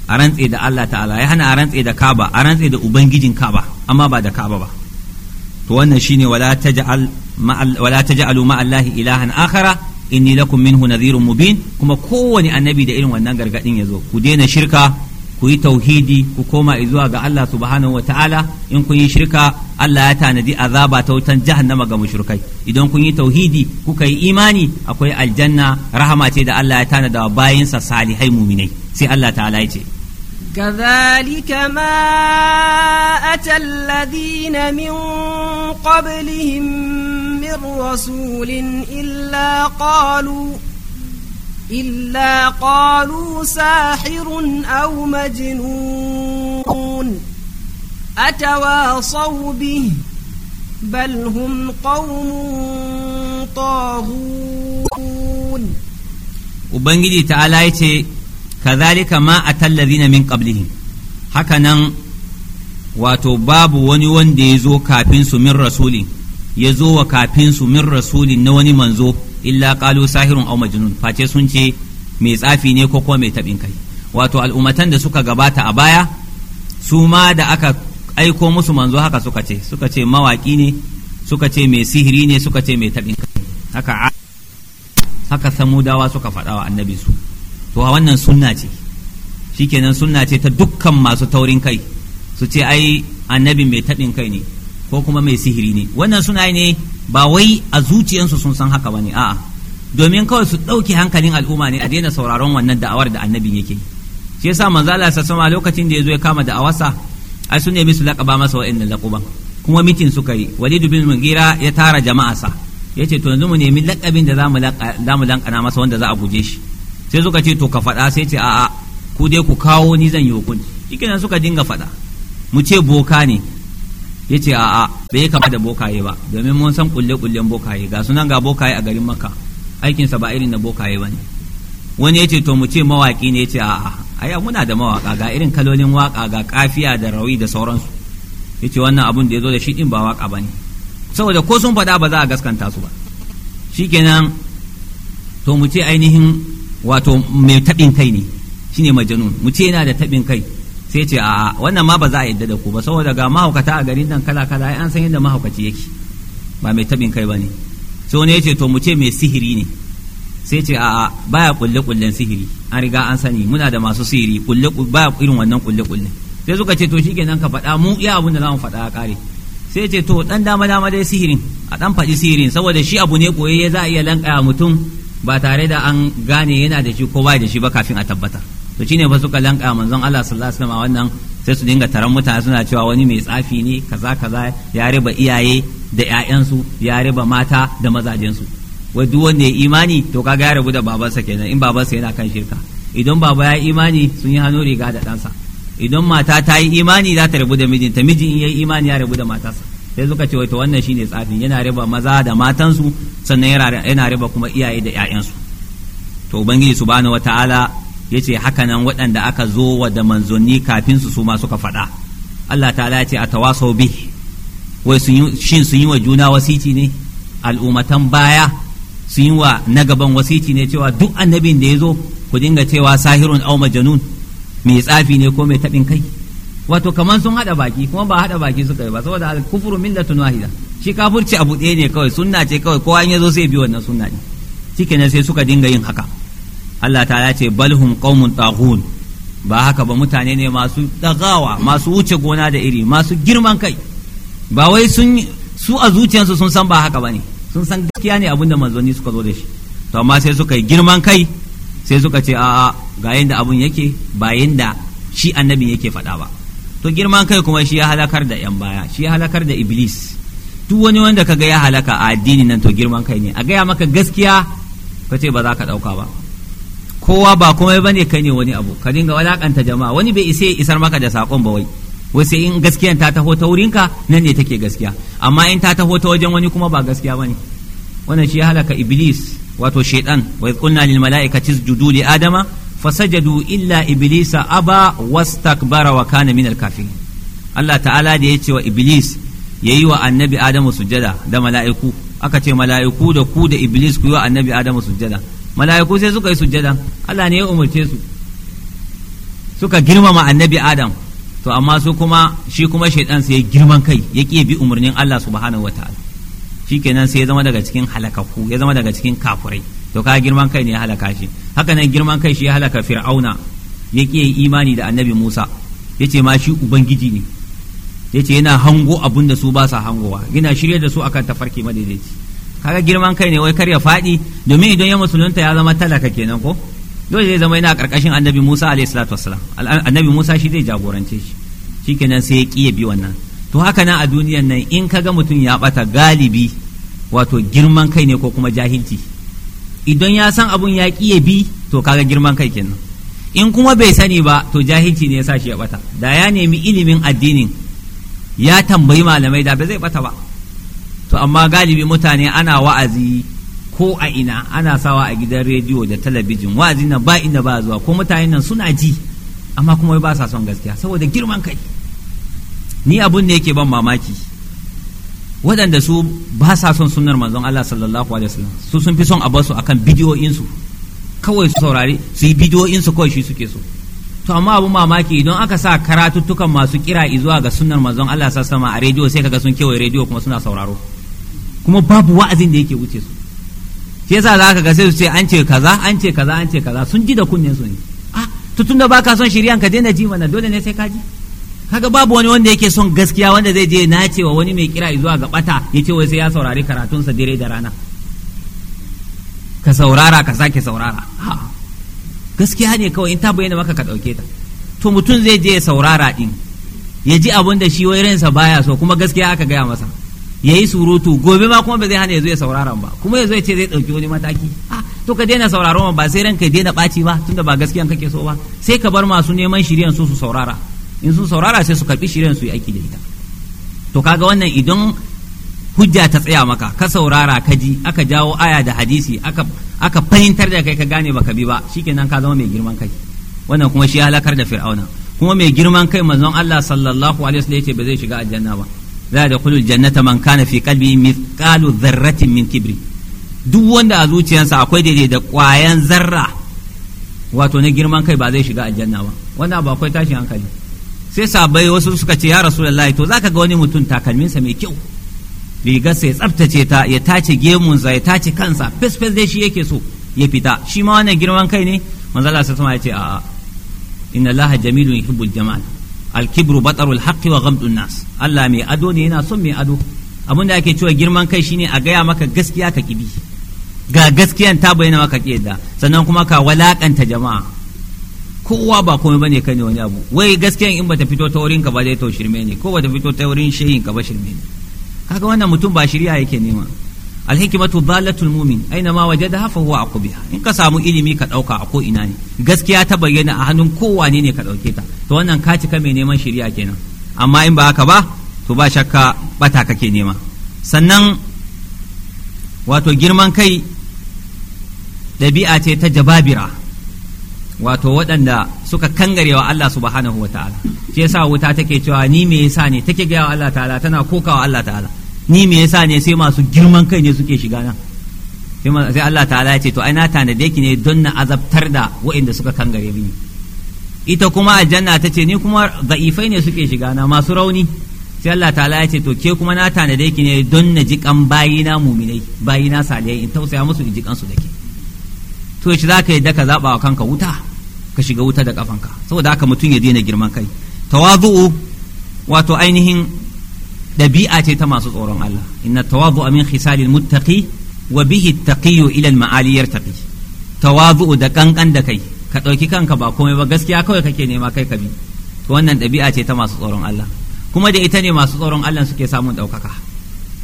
a rantse da Allah ta'ala ya hana a rantse da Kaaba a rantse da ubangijin Kaaba amma ba da Kaaba ba to wannan shine wala taj'al wala taj'alu ma ilahan akhara inni lakum minhu nadhirun mubin kuma kowane annabi da irin wannan gargadin ya zo ku daina shirka ku yi tauhidi ku koma zuwa ga Allah subhanahu wa ta'ala in kun yi shirka Allah ya tanadi azaba ta wutan jahannama ga mushrikai idan kun yi tauhidi kuka yi imani akwai aljanna rahama ce da Allah ya tanada wa bayinsa salihai muminai sai Allah ta'ala ya ce كذلك ما أتى الذين من قبلهم من رسول إلا قالوا إلا قالوا ساحر أو مجنون أتواصوا به بل هم قوم طاغون وبنجي تعالى كذلك ما أتى الذين من قبلهم هكذا wato babu wani wanda ya zo kafin su min rasuli ya zo wa kafin su min rasulin na wani manzo illa qalu sahirun aw majnun face sun ce mai tsafi ne ko kuma mai tabin kai wato al'ummatan da suka gabata a baya su ma da aka aiko musu manzo haka suka ce suka ce mawaki ne suka ce mai sihiri ne suka ce mai tabin kai haka haka samudawa suka faɗa wa annabi su to a wannan sunna ce shikenan sunna ce ta dukkan masu taurin kai su ce ai annabi mai tabin kai ne ko kuma mai sihiri ne wannan suna ne ba wai a zuciyansu sun san haka ba ne a'a domin kawai su ɗauke hankalin al'umma ne a daina sauraron wannan da'awar da annabi yake shi yasa manzo Allah sa sama lokacin da ya zo ya kama da'awarsa ai sun nemi su laƙaba masa wa'annan laƙuban kuma mitin suka yi Walid bin mugira ya tara jama'arsa yace to yanzu mu nemi laƙabin da zamu zamu lankana masa wanda za a guje shi sai suka ce to ka faɗa sai ce a'a ku dai ku kawo ni zan yi hukunci ikinan suka dinga faɗa mu ce boka ne ya ce a'a bai kama da bokaye ba domin mun san kulle-kullen bokaye ga sunan ga bokaye a garin maka aikinsa ba irin na bokaye ba ne wani ya ce to mu ce mawaƙi ne ya ce a'a aya muna da mawaƙa ga irin kalolin waƙa ga kafiya da rawi da sauransu ya ce wannan abun da ya zo da shi din ba waƙa ba ne saboda ko sun faɗa ba za a gaskanta su ba shikenan to mu ce ainihin wato mai taɓin kai ne shine majanun mu ce yana da taɓin kai sai ce a wannan ma ba za a yadda da ku ba saboda ga mahaukata a garin nan kala kala an san yadda mahaukaci yake ba mai tabin kai bane so ne yace to mu ce mai sihiri ne sai ce a baya kulle kullen sihiri an riga an sani muna da masu sihiri kulle baya irin wannan kulle kullen sai suka ce to shikenan ka faɗa mu iya abin da zamu faɗa a kare sai ce to dan dama dama dai sihirin a dan faɗi sihirin saboda shi abu ne koyayye za a iya lankaya mutum ba tare da an gane yana da shi ko ba da shi ba kafin a tabbatar to shine fa suka lanka manzon Allah sallallahu alaihi wasallam a wannan sai su dinga taron mutane suna cewa wani mai tsafi ne kaza kaza ya riba iyaye da ƴaƴansu ya riba mata da mazajensu wai duk wanda ya imani to kaga ya rabu da babansa kenan in babansa yana kan shirka idan baba ya imani sun yi hannu riga da ɗansa idan mata ta yi imani za ta rabu da mijinta mijin in ya yi imani ya rabu da matarsa sai suka ce to wannan shine tsafin yana riba maza da matansu sannan yana riba kuma iyaye da 'ya'yansu to ubangiji subhanahu wataala ya ce hakanan waɗanda aka zo wa da manzanni kafin su su ma suka faɗa Allah ta'ala ce a tawasau bi wai shin sun yi wa juna wasiti ne al'ummatan baya sun yi wa na gaban wasiti ne cewa duk annabin da ya zo ku dinga cewa sahirun au majanun mai tsafi ne ko mai taɓin kai wato kamar sun haɗa baki kuma ba haɗa baki suka yi ba saboda kufuru millatun wahida shi kafurci abu ɗaya ne kawai sunna ce kawai kowa in ya zo sai bi wannan sunna ne cikin sai suka dinga yin haka Allah ta ya ce balhum qaumun taghun ba haka ba mutane ne masu dagawa masu wuce gona da iri masu girman kai ba wai sun su a zuciyarsu sun san ba haka bane sun san gaskiya ne abinda manzoni suka zo da shi to amma sai suka yi girman kai sai suka ce a'a ga yanda abun yake ba yanda shi annabin yake faɗa ba to girman kai kuma shi ya halakar da yan baya shi ya halakar da iblis duk wani wanda ga ya halaka a addini nan to girman kai ne a gaya maka gaskiya ka ce ba za ka ɗauka ba kowa ba komai bane kai ne wani abu ka dinga walakanta jama'a wani bai isa isar maka da sakon ba wai wai sai in gaskiya ta taho ta ka? nan ne take gaskiya amma in ta taho ta wajen wani kuma ba gaskiya bane wannan shi ya halaka iblis wato shaitan wa qulna lil mala'ikati isjudu li adama fasajadu illa iblisa aba wastakbara wa kana minal kafirin Allah ta'ala da ya ce wa iblis yayi wa annabi adamu sujjada da mala'iku aka ce mala'iku da ku da iblis ku yi wa annabi adamu sujjada mala'iku sai suka yi sujjada Allah ne ya umarce su suka girmama annabi adam to amma su kuma shi kuma shaidan sai ya girman kai ya ƙi bi umarnin Allah subhanahu wataala shikenan sai ya zama daga cikin halakaku ya zama daga cikin kafurai to ka girman kai ne ya halaka shi haka nan girman kai shi ya halaka fir'auna ya ƙi imani da annabi Musa yace ma shi ubangiji ne yace yana hango abun da su ba sa hangowa yana shirye da su akan tafarki madaidaici kaga girman kai ne wai kar ya faɗi domin idan ya musulunta ya zama talaka kenan ko dole zai zama yana karkashin annabi Musa alayhi salatu wassalam annabi Musa shi zai jagorance shi shikenan sai ya kiye bi wannan to haka nan a duniyar nan in kaga mutum ya bata galibi wato girman kai ne ko kuma jahilci idan ya san abun ya kiye bi to kaga girman kai kenan in kuma bai sani ba to jahilci ne ya sa shi ya bata da ya nemi ilimin addinin ya tambayi malamai da ba zai bata ba to amma galibi mutane ana wa'azi ko a ina ana sawa a gidan rediyo da talabijin wa'azi na ba inda ba zuwa ko mutane nan suna ji amma kuma ba sa son gaskiya saboda girman kai ni abun ne yake ban mamaki waɗanda su ba sa son sunnar manzon Allah sallallahu alaihi wasallam su sun fi son a basu akan su kawai su saurari su yi su kawai shi suke so to amma abu mamaki idan aka sa karatuttukan masu kira zuwa ga sunnar manzon Allah sallallahu alaihi wasallam a rediyo sai kaga sun kewaye rediyo kuma suna sauraro kuma babu wa'azin da yake wuce su shi yasa za ka ga sai su ce an ce kaza an ce kaza an ce kaza sun ji da kunnen su ne ah to tunda ba ka son shiriyan ka daina ji mana dole ne sai ka ji kaga babu wani wanda yake son gaskiya wanda zai je na cewa wani mai kira zuwa ga bata ya ce wai sai ya saurari karatunsa dare da rana ka saurara ka sake saurara ah, gaskiya ne kawai in ta bayyana maka ka ɗauke ta to mutum zai je ya saurara din, ya ji abun da shi wai ransa baya so kuma gaskiya aka gaya masa ya yi surutu gobe ma kuma ba zai hana ya zo ya sauraron ba kuma ya zo ya ce zai ɗauki wani mataki to ka daina sauraron ba sai ka daina ɓaci ba tunda ba gaskiyan kake so ba sai ka bar masu neman shiryan su su saurara in su saurara sai su karɓi shiryan su yi aiki da ita to kaga wannan idan hujja ta tsaya maka ka saurara ka ji aka jawo aya da hadisi aka aka fahimtar da kai ka gane baka bi ba shikenan ka zama mai girman kai wannan kuma shi halakar da fir'auna kuma mai girman kai manzon Allah sallallahu alaihi wasallam yace ba zai shiga aljanna ba za da kulul jannata man kana fi kalbi mithqalu dharratin min kibri duk wanda a zuciyarsa akwai daidai da kwayan zarra wato na girman kai ba zai shiga aljanna ba wanda ba akwai tashin hankali sai sabai wasu suka ce ya rasulullahi to zaka ga wani mutum takalminsa mai kyau rigarsa ya tsaftace ta ya tace gemunsa ya tace kansa fesfes dai shi yake so ya fita shi ma wannan girman kai ne manzo Allah sallallahu alaihi ya ce a'a inna Allah jamilun yuhibbul jamal al-kibru batarul haqqi wa ghamdun nas Allah mai ado ne yana son mai ado abin da ake cewa girman kai shine a gaya maka gaskiya ka kibi ga gaskiyan ta bayyana maka ki sannan kuma ka walakanta jama'a kowa ba komai bane kai ne wani abu wai gaskiyan in bata fito ta wurin ka ba dai to shirme ne ko bata fito ta wurin shehin ka ba shirme ne kaga wannan mutum ba shirya yake nema alhikmatu dalatul mumin aina ma wajada fa huwa aqbiha in ka samu ilimi ka dauka a ko ina ne gaskiya ta bayyana a hannun kowa ne ne ka dauke ta to wannan ka cika mai neman shiriya kenan amma in ba haka ba to ba shakka bata kake nema sannan wato girman kai ɗabi'a ce ta jababira wato waɗanda suka kangarewa Allah subhanahu wa ta'ala shi yasa wuta take cewa ni me yasa ne take gaya wa Allah ta'ala tana kokawa Allah ta'ala ni me yasa ne sai masu girman kai ne suke shiga nan sai Allah ta'ala ya ce to ai na tanade ki ne don na azabtar da waɗanda suka kangare mini ita kuma aljanna ta ce ni kuma za'ifai ne suke shiga na masu rauni sai Allah ta ya ce to ke kuma na tanade ki ne don na jikan bayina muminai bayina salihai in tausaya musu in jikan su da ke to shi za ka yi daka zaɓa wa kanka wuta ka shiga wuta da kafanka saboda haka mutum ya daina girman kai tawazu'u wato ainihin ɗabi'a ce ta masu tsoron Allah inna tawazu'a min khisalil muttaqi wa bihi taqiyyu ila al ma'ali yartaqi tawazu'u da kankan da kai ka ɗauki kanka ba komai ba gaskiya kawai kake nema kai ka bi wannan ɗabi'a ce ta masu tsoron Allah kuma da ita ne masu tsoron Allah suke samun ɗaukaka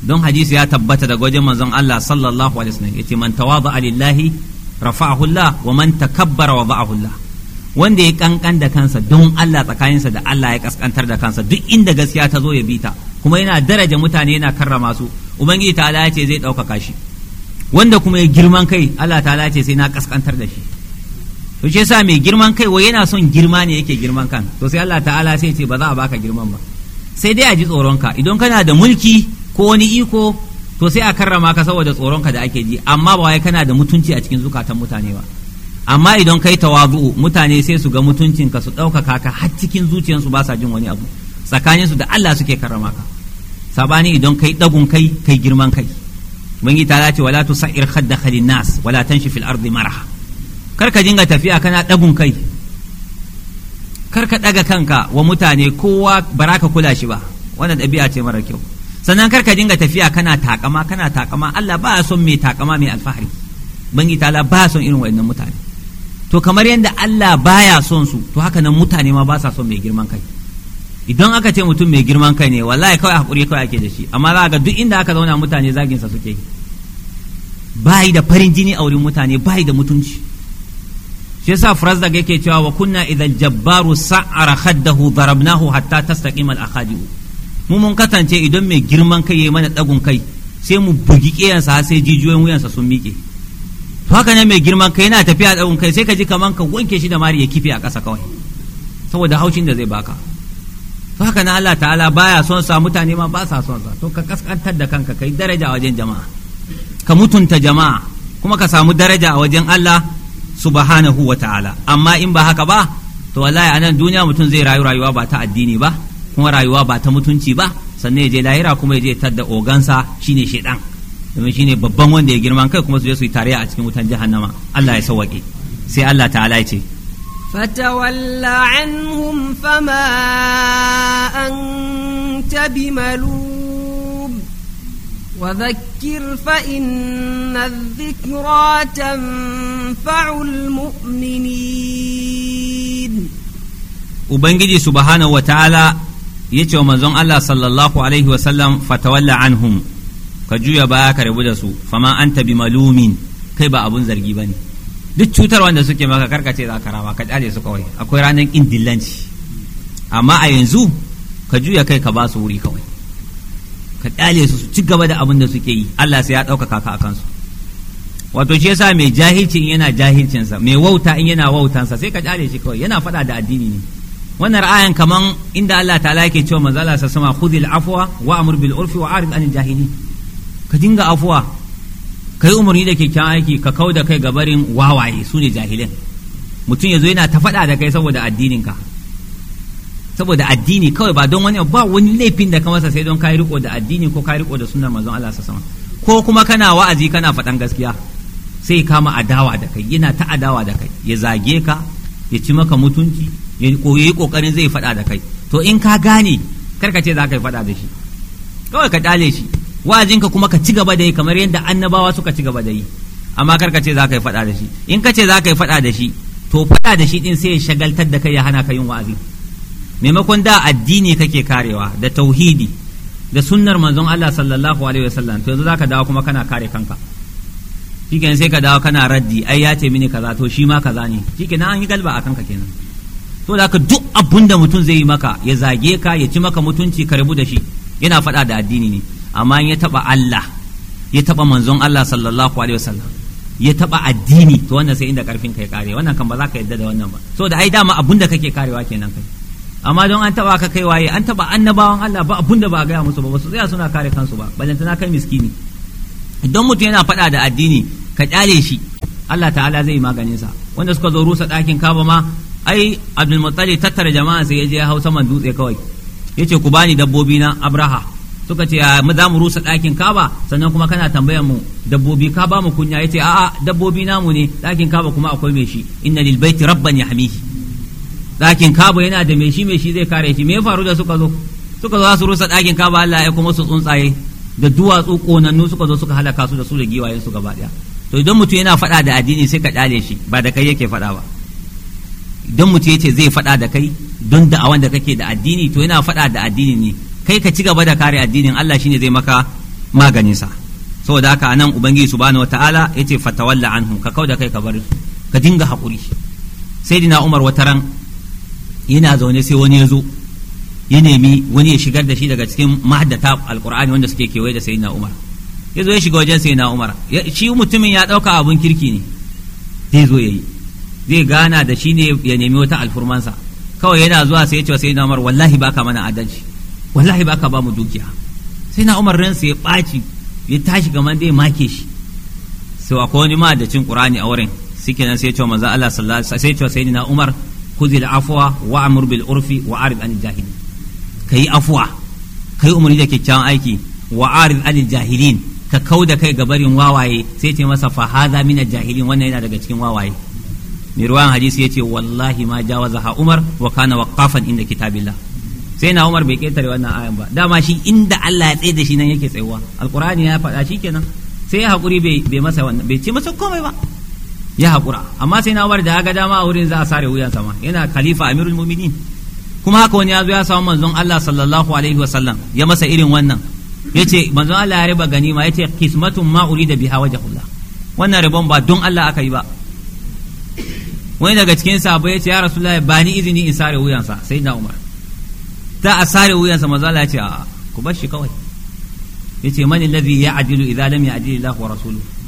don hadisi ya tabbata daga wajen manzon Allah sallallahu alaihi wasallam yace man tawada lillahi rafa'ahu Allah wa man takabbara wada'ahu Allah wanda ya kankan da kansa don Allah tsakaninsa da Allah ya kaskantar da kansa duk inda gaskiya ta zo ya bi ta kuma yana daraja mutane yana karrama su ubangiji ta ya ce zai ɗaukaka shi wanda kuma ya girman kai Allah ta ce sai na kaskantar da shi to shi yasa mai girman kai wai yana son girma ne yake girman kan to sai Allah ta'ala sai ce ba za a baka girman ba sai dai a ji tsoron ka idan kana da mulki ko wani iko to sai a karrama ka saboda tsoron ka da ake ji amma ba wai kana da mutunci a cikin zukatan mutane ba amma idan kai tawazu mutane sai su ga mutuncin ka su ɗaukaka ka har cikin zuciyarsu ba sa jin wani abu tsakanin su da Allah suke karrama ka sabani idan kai dagun kai kai girman kai mun yi ta ce wala tusair khadda khalin nas wala tanshi fil ardi maraha kar ka dinga tafiya kana ɗagun kai kar ka ɗaga kanka wa mutane kowa bara ka kula shi ba wannan ɗabi'a ce mara kyau sannan kar ka dinga tafiya kana takama kana takama Allah ba son mai takama mai alfahari bangi ta ba son irin wa'annan mutane to kamar yadda Allah baya son su to haka nan mutane ma ba sa son mai girman kai idan aka ce mutum mai girman kai ne wallahi kawai hakuri kawai ake da shi amma za ga duk inda aka zauna mutane zagin sa suke bayi da farin jini a wurin mutane bayi da mutunci shi yasa Frazdag yake cewa wa kunna idan jabbaru sa'ara khaddahu darabnahu hatta tastaqim al akhadiu mu mun katance idan mai girman kai yayi mana dagun kai sai mu bugi kiyansa har sai jijiyoyin wuyansa sun miƙe to haka ne mai girman kai yana tafiya dagun kai sai ka ji kaman ka wanke shi da mari ya kife a ƙasa kawai saboda haushin da zai baka to haka na Allah ta'ala baya son sa mutane ma ba sa son sa to ka kaskantar da kanka kai daraja a wajen jama'a ka mutunta jama'a kuma ka samu daraja a wajen Allah subhanahu wa ta'ala amma in ba haka ba to wallahi a nan duniya mutum zai rayu rayuwa ba ta addini ba kuma rayuwa ba ta mutunci ba sannan ya je lahira kuma ya je tadda ogansa shine shedan domin shine babban wanda ya girman kai kuma su je su yi tarayya a cikin wutan jahannama Allah ya sauwake sai Allah ta'ala ya ce فتول عنهم فما أنت بملوم وذكر فإن الذكرى تنفع المؤمنين Ubangiji subhanahu wa ta'ala ya ce wa manzon Allah sallallahu Alaihi wasallam fatawalla anhum ka juya baya ka rabu da su fama an tabi malumin kai ba abun zargi ba ne duk cutar wanda suke maka karkace za ka rama ka kyale su kawai akwai ranar ƙin dillanci amma a yanzu ka juya kai ka ba su wuri kawai ka kyale su su ci gaba da abin da suke yi Allah sai ya ɗaukaka ka akan wato shi yasa mai jahilci in yana jahilcinsa mai wauta in yana wautansa sai ka kyale shi kawai yana faɗa da addini ne wannan ra'ayin kaman inda Allah ta yake cewa manzo Allah sama khudhil afwa wa amur bil urfi wa arid anil jahilin ka dinga afwa kai umarni da kyakkyawan aiki ka kauda kai gabarin wawaye su ne jahilin mutum ya zo yana ta faɗa da kai saboda addininka saboda addini kawai ba don wani ba wani laifin da ka masa sai don kai riko da addini ko kai riko da sunnar manzon Allah sallallahu alaihi wasallam ko kuma kana wa'azi kana faɗan gaskiya sai kama adawa da kai yana ta adawa da kai ya zage ka ya ci maka mutunci ya yi kokarin zai faɗa da kai to in ka gane karka ce za ka yi faɗa da shi kawai ka ɗale shi wa'azinka kuma ka ci gaba da yi kamar yadda annabawa suka ci gaba da yi amma karka ce za ka yi faɗa da shi in ka ce za ka yi faɗa da shi to faɗa da shi ɗin sai ya shagaltar da kai ya hana ka yin wa'azi maimakon da addini kake karewa da tauhidi da sunnar manzon Allah sallallahu alaihi wasallam to yanzu zaka dawo kuma kana kare kanka shikenan sai ka dawo kana raddi ai ya ce mini kaza to shi ma kaza ne shikenan an yi galba a kanka kenan to da duk abun da mutum zai yi maka ya zage ka ya ci maka mutunci ka rabu da shi yana faɗa da addini ne amma in ya taba Allah ya taba manzon Allah sallallahu alaihi wasallam ya taba addini to wannan sai inda karfin kai kare wannan kan ba za ka yadda da wannan ba so da ai dama abun da kake karewa kenan kai amma don an taba ka kai waye an taba annabawan Allah ba abun da ba gaya musu ba su tsaya suna kare kansu ba balantana kai miskini idan mutum yana faɗa da addini ka kyale shi Allah ta'ala zai maganin sa wanda suka zo rusa ɗakin kaba ma ai Abdul tattara jama'a sai ya je ya hau saman dutse kawai yace ku bani dabbobi na Abraha suka ce za mu rusa ɗakin kaba sannan kuma kana tambayar mu dabbobi ka ba mu kunya yace a'a dabbobi namu ne ɗakin kaba kuma akwai mai shi inna lil baiti rabban yahmihi ɗakin kaba yana da mai shi mai shi zai kare shi me faru da suka zo suka zo su rusa dakin kaba Allah ya kuma su tsuntsaye da duwatsu konannu suka zo suka halaka su da su da giwayen su gaba daya to idan mutum yana faɗa da addini sai ka ɗale shi ba da kai yake faɗa ba idan mutum yace zai faɗa da kai don da a da kake da addini to yana faɗa da addini ne kai ka ci gaba da kare addinin Allah shine zai maka sa saboda haka anan ubangiji subhanahu wataala yace fatawalla anhum ka kauda kai ka bar ka dinga hakuri sayyidina Umar wataran yana zaune sai wani ya zo ya nemi wani ya shigar da shi daga cikin mahaddata alkur'ani wanda suke kewaye da sayyidina umar ya zo ya shiga wajen sayyidina umar shi mutumin ya ɗauka abun kirki ne zai zo ya yi zai gana da shi ne ya nemi wata alfurmansa kawai yana zuwa sai ya ce wa sayyidina umar wallahi baka mana adalci wallahi baka ba mu dukiya sai na umar ransa ya ɓaci ya tashi ga kamar dai make shi sai akwai wani ma da cin qur'ani a wurin sike nan sai ya ce manzo Allah sallallahu alaihi wasallam sai ya ce sayyidina umar khudhil afwa wa amur bil urfi wa arid anil jahilin kai afwa kai umarni da kyakkyawan aiki wa arid anil jahilin ka kauda kai gabarin wawaye sai ce masa fa hadha min al jahilin wannan yana daga cikin wawaye mai ruwan hadisi yace wallahi ma jawaza ha umar wa kana waqafan inda kitabillah sai na umar bai ketare wannan ayan ba dama shi inda Allah ya tsaye da shi nan yake tsayuwa alqur'ani ya faɗa shi kenan sai ya haƙuri bai masa wannan bai ce masa komai ba ya haƙura amma sai na umar da ga dama a wurin za a sare wuyan sama yana khalifa amirul mu'minin kuma haka wani ya zo ya samu manzon Allah sallallahu alaihi wa sallam ya masa irin wannan yace manzon Allah ya riba ganima yace qismatun ma urida biha wajhullah wannan ribon ba don Allah aka yi ba wani daga cikin sahabbai yace ya rasulullahi ba ni izini in sare wuyansa sai na umar ta a sare wuyansa manzon Allah ya ce ku bar shi kawai yace man alladhi ya'dilu idza lam ya'dil Allah wa rasuluhu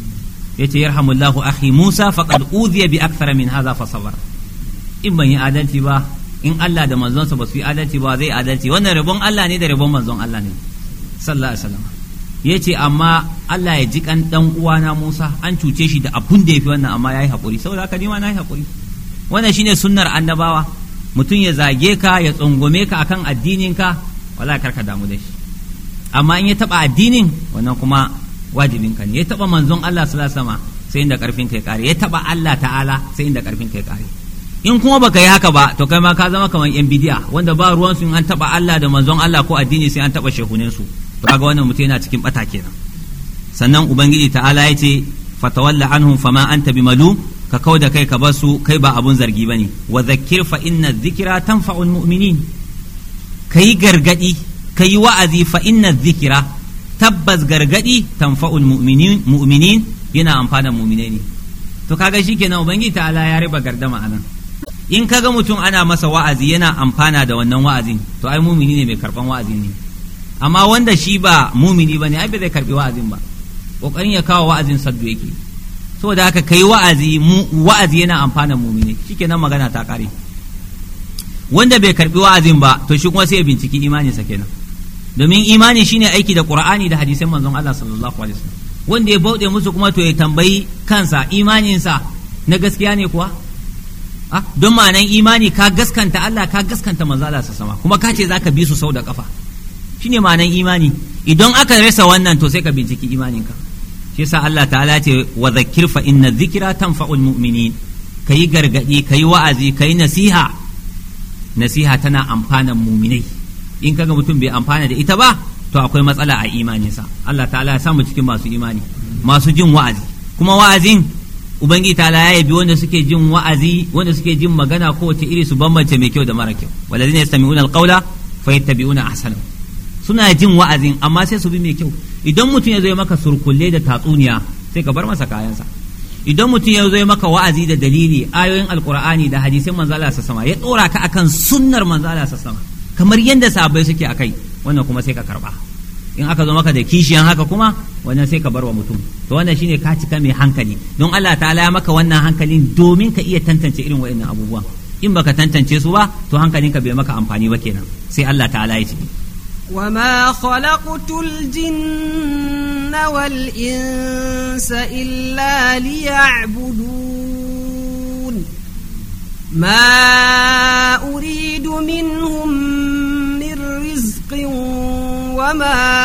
yace yarhamullahu akhi Musa faqad udhiya bi akthara min hadha fa sabar in ban yi adalci ba in Allah da manzonsa ba su yi adalci ba zai adalci wannan rabon Allah ne da rabon manzon Allah ne sallallahu alaihi wasallam yace amma Allah ya ji kan dan uwana Musa an cuce shi da abun da yafi wannan amma yayi hakuri saboda haka ni ma nayi hakuri wannan shine sunnar annabawa mutum ya zage ka ya tsungome ka akan addinin ka wallahi karka damu da shi amma in ya taba addinin wannan kuma wajibin ka ne ya taɓa manzon Allah su alaihi sai inda karfin kai kare ya taɓa Allah ta'ala sai inda karfin kai kare in kuma baka yi haka ba to kai ma ka zama kamar yan bidiya wanda ba ruwan su an taba Allah da manzon Allah ko addini sai an taba shehunen su to kaga wannan mutum yana cikin bata kenan sannan ubangiji ta'ala ya ce fatawalla anhum fama anta bimalum ka kau da kai ka bar su kai ba abun zargi ba ne wa zakir fa inna zikira tanfa'ul mu'minin ka yi gargadi ka yi wa'azi fa inna zikira tabbas gargadi tanfa'ul mu'minin mu'minin yana amfana mu'minai ne to kaga shikenan ubangiji Ala ya riba gardama anan in kaga mutum ana masa wa'azi yana amfana da wannan wa'azin to ai mumini ne mai karban wa'azin ne amma wanda shi ba mumini bane ai ba zai karbi wa'azin ba kokarin ya kawo wa'azin saddu yake saboda haka kai wa'azi wa'azi yana amfana mumini shikenan magana ta kare wanda bai karbi wa'azin ba to shi kuma sai ya binciki imaninsa kenan domin imani shine aiki da qur'ani da hadisan manzon Allah sallallahu alaihi wasallam wanda ya bauɗe musu kuma to ya tambayi kansa imaninsa na gaskiya ne kuwa ah don ma'anan imani ka gaskanta Allah ka gaskanta manzon Allah sama kuma ka ce zaka bi su sau da kafa shine ma'anan imani idan aka rasa wannan to sai ka binciki imaninka shi yasa Allah ta'ala ce wa zakkir fa inna dhikra tanfa'ul mu'minin kayi gargadi kayi wa'azi kayi nasiha nasiha tana amfanan muminai in kaga mutum bai amfana da ita ba to akwai matsala a imaninsa Allah ta'ala ya samu cikin masu imani masu jin wa'azi kuma wa'azin ubangiji ta'ala ya yabi wanda suke jin wa'azi wanda suke jin magana kowace iri su bambance mai kyau da mara kyau walazina yastami'una alqawla a ahsana suna jin wa'azin amma sai su bi mai kyau idan mutum ya zo maka surkulle da tatsuniya sai ka bar masa kayansa idan mutum ya zo maka wa'azi da dalili ayoyin alkur'ani da hadisin Manzala Allah sama ya dora ka akan sunnar Manzala Allah sama kamar yadda sabai suke kai wannan kuma sai ka karba in aka zo maka da kishiyan haka kuma wannan sai ka bar wa mutum to wannan shine ka cika mai hankali don Allah ta'ala ya maka wannan hankalin domin ka iya tantance irin wa'annan abubuwan in baka tantance su ba to hankalinka bai maka amfani ba kenan sai Allah ta'ala ya ce وما خلقت الجن والإنس إلا ليعبدون ما أريد منهم من رزق وما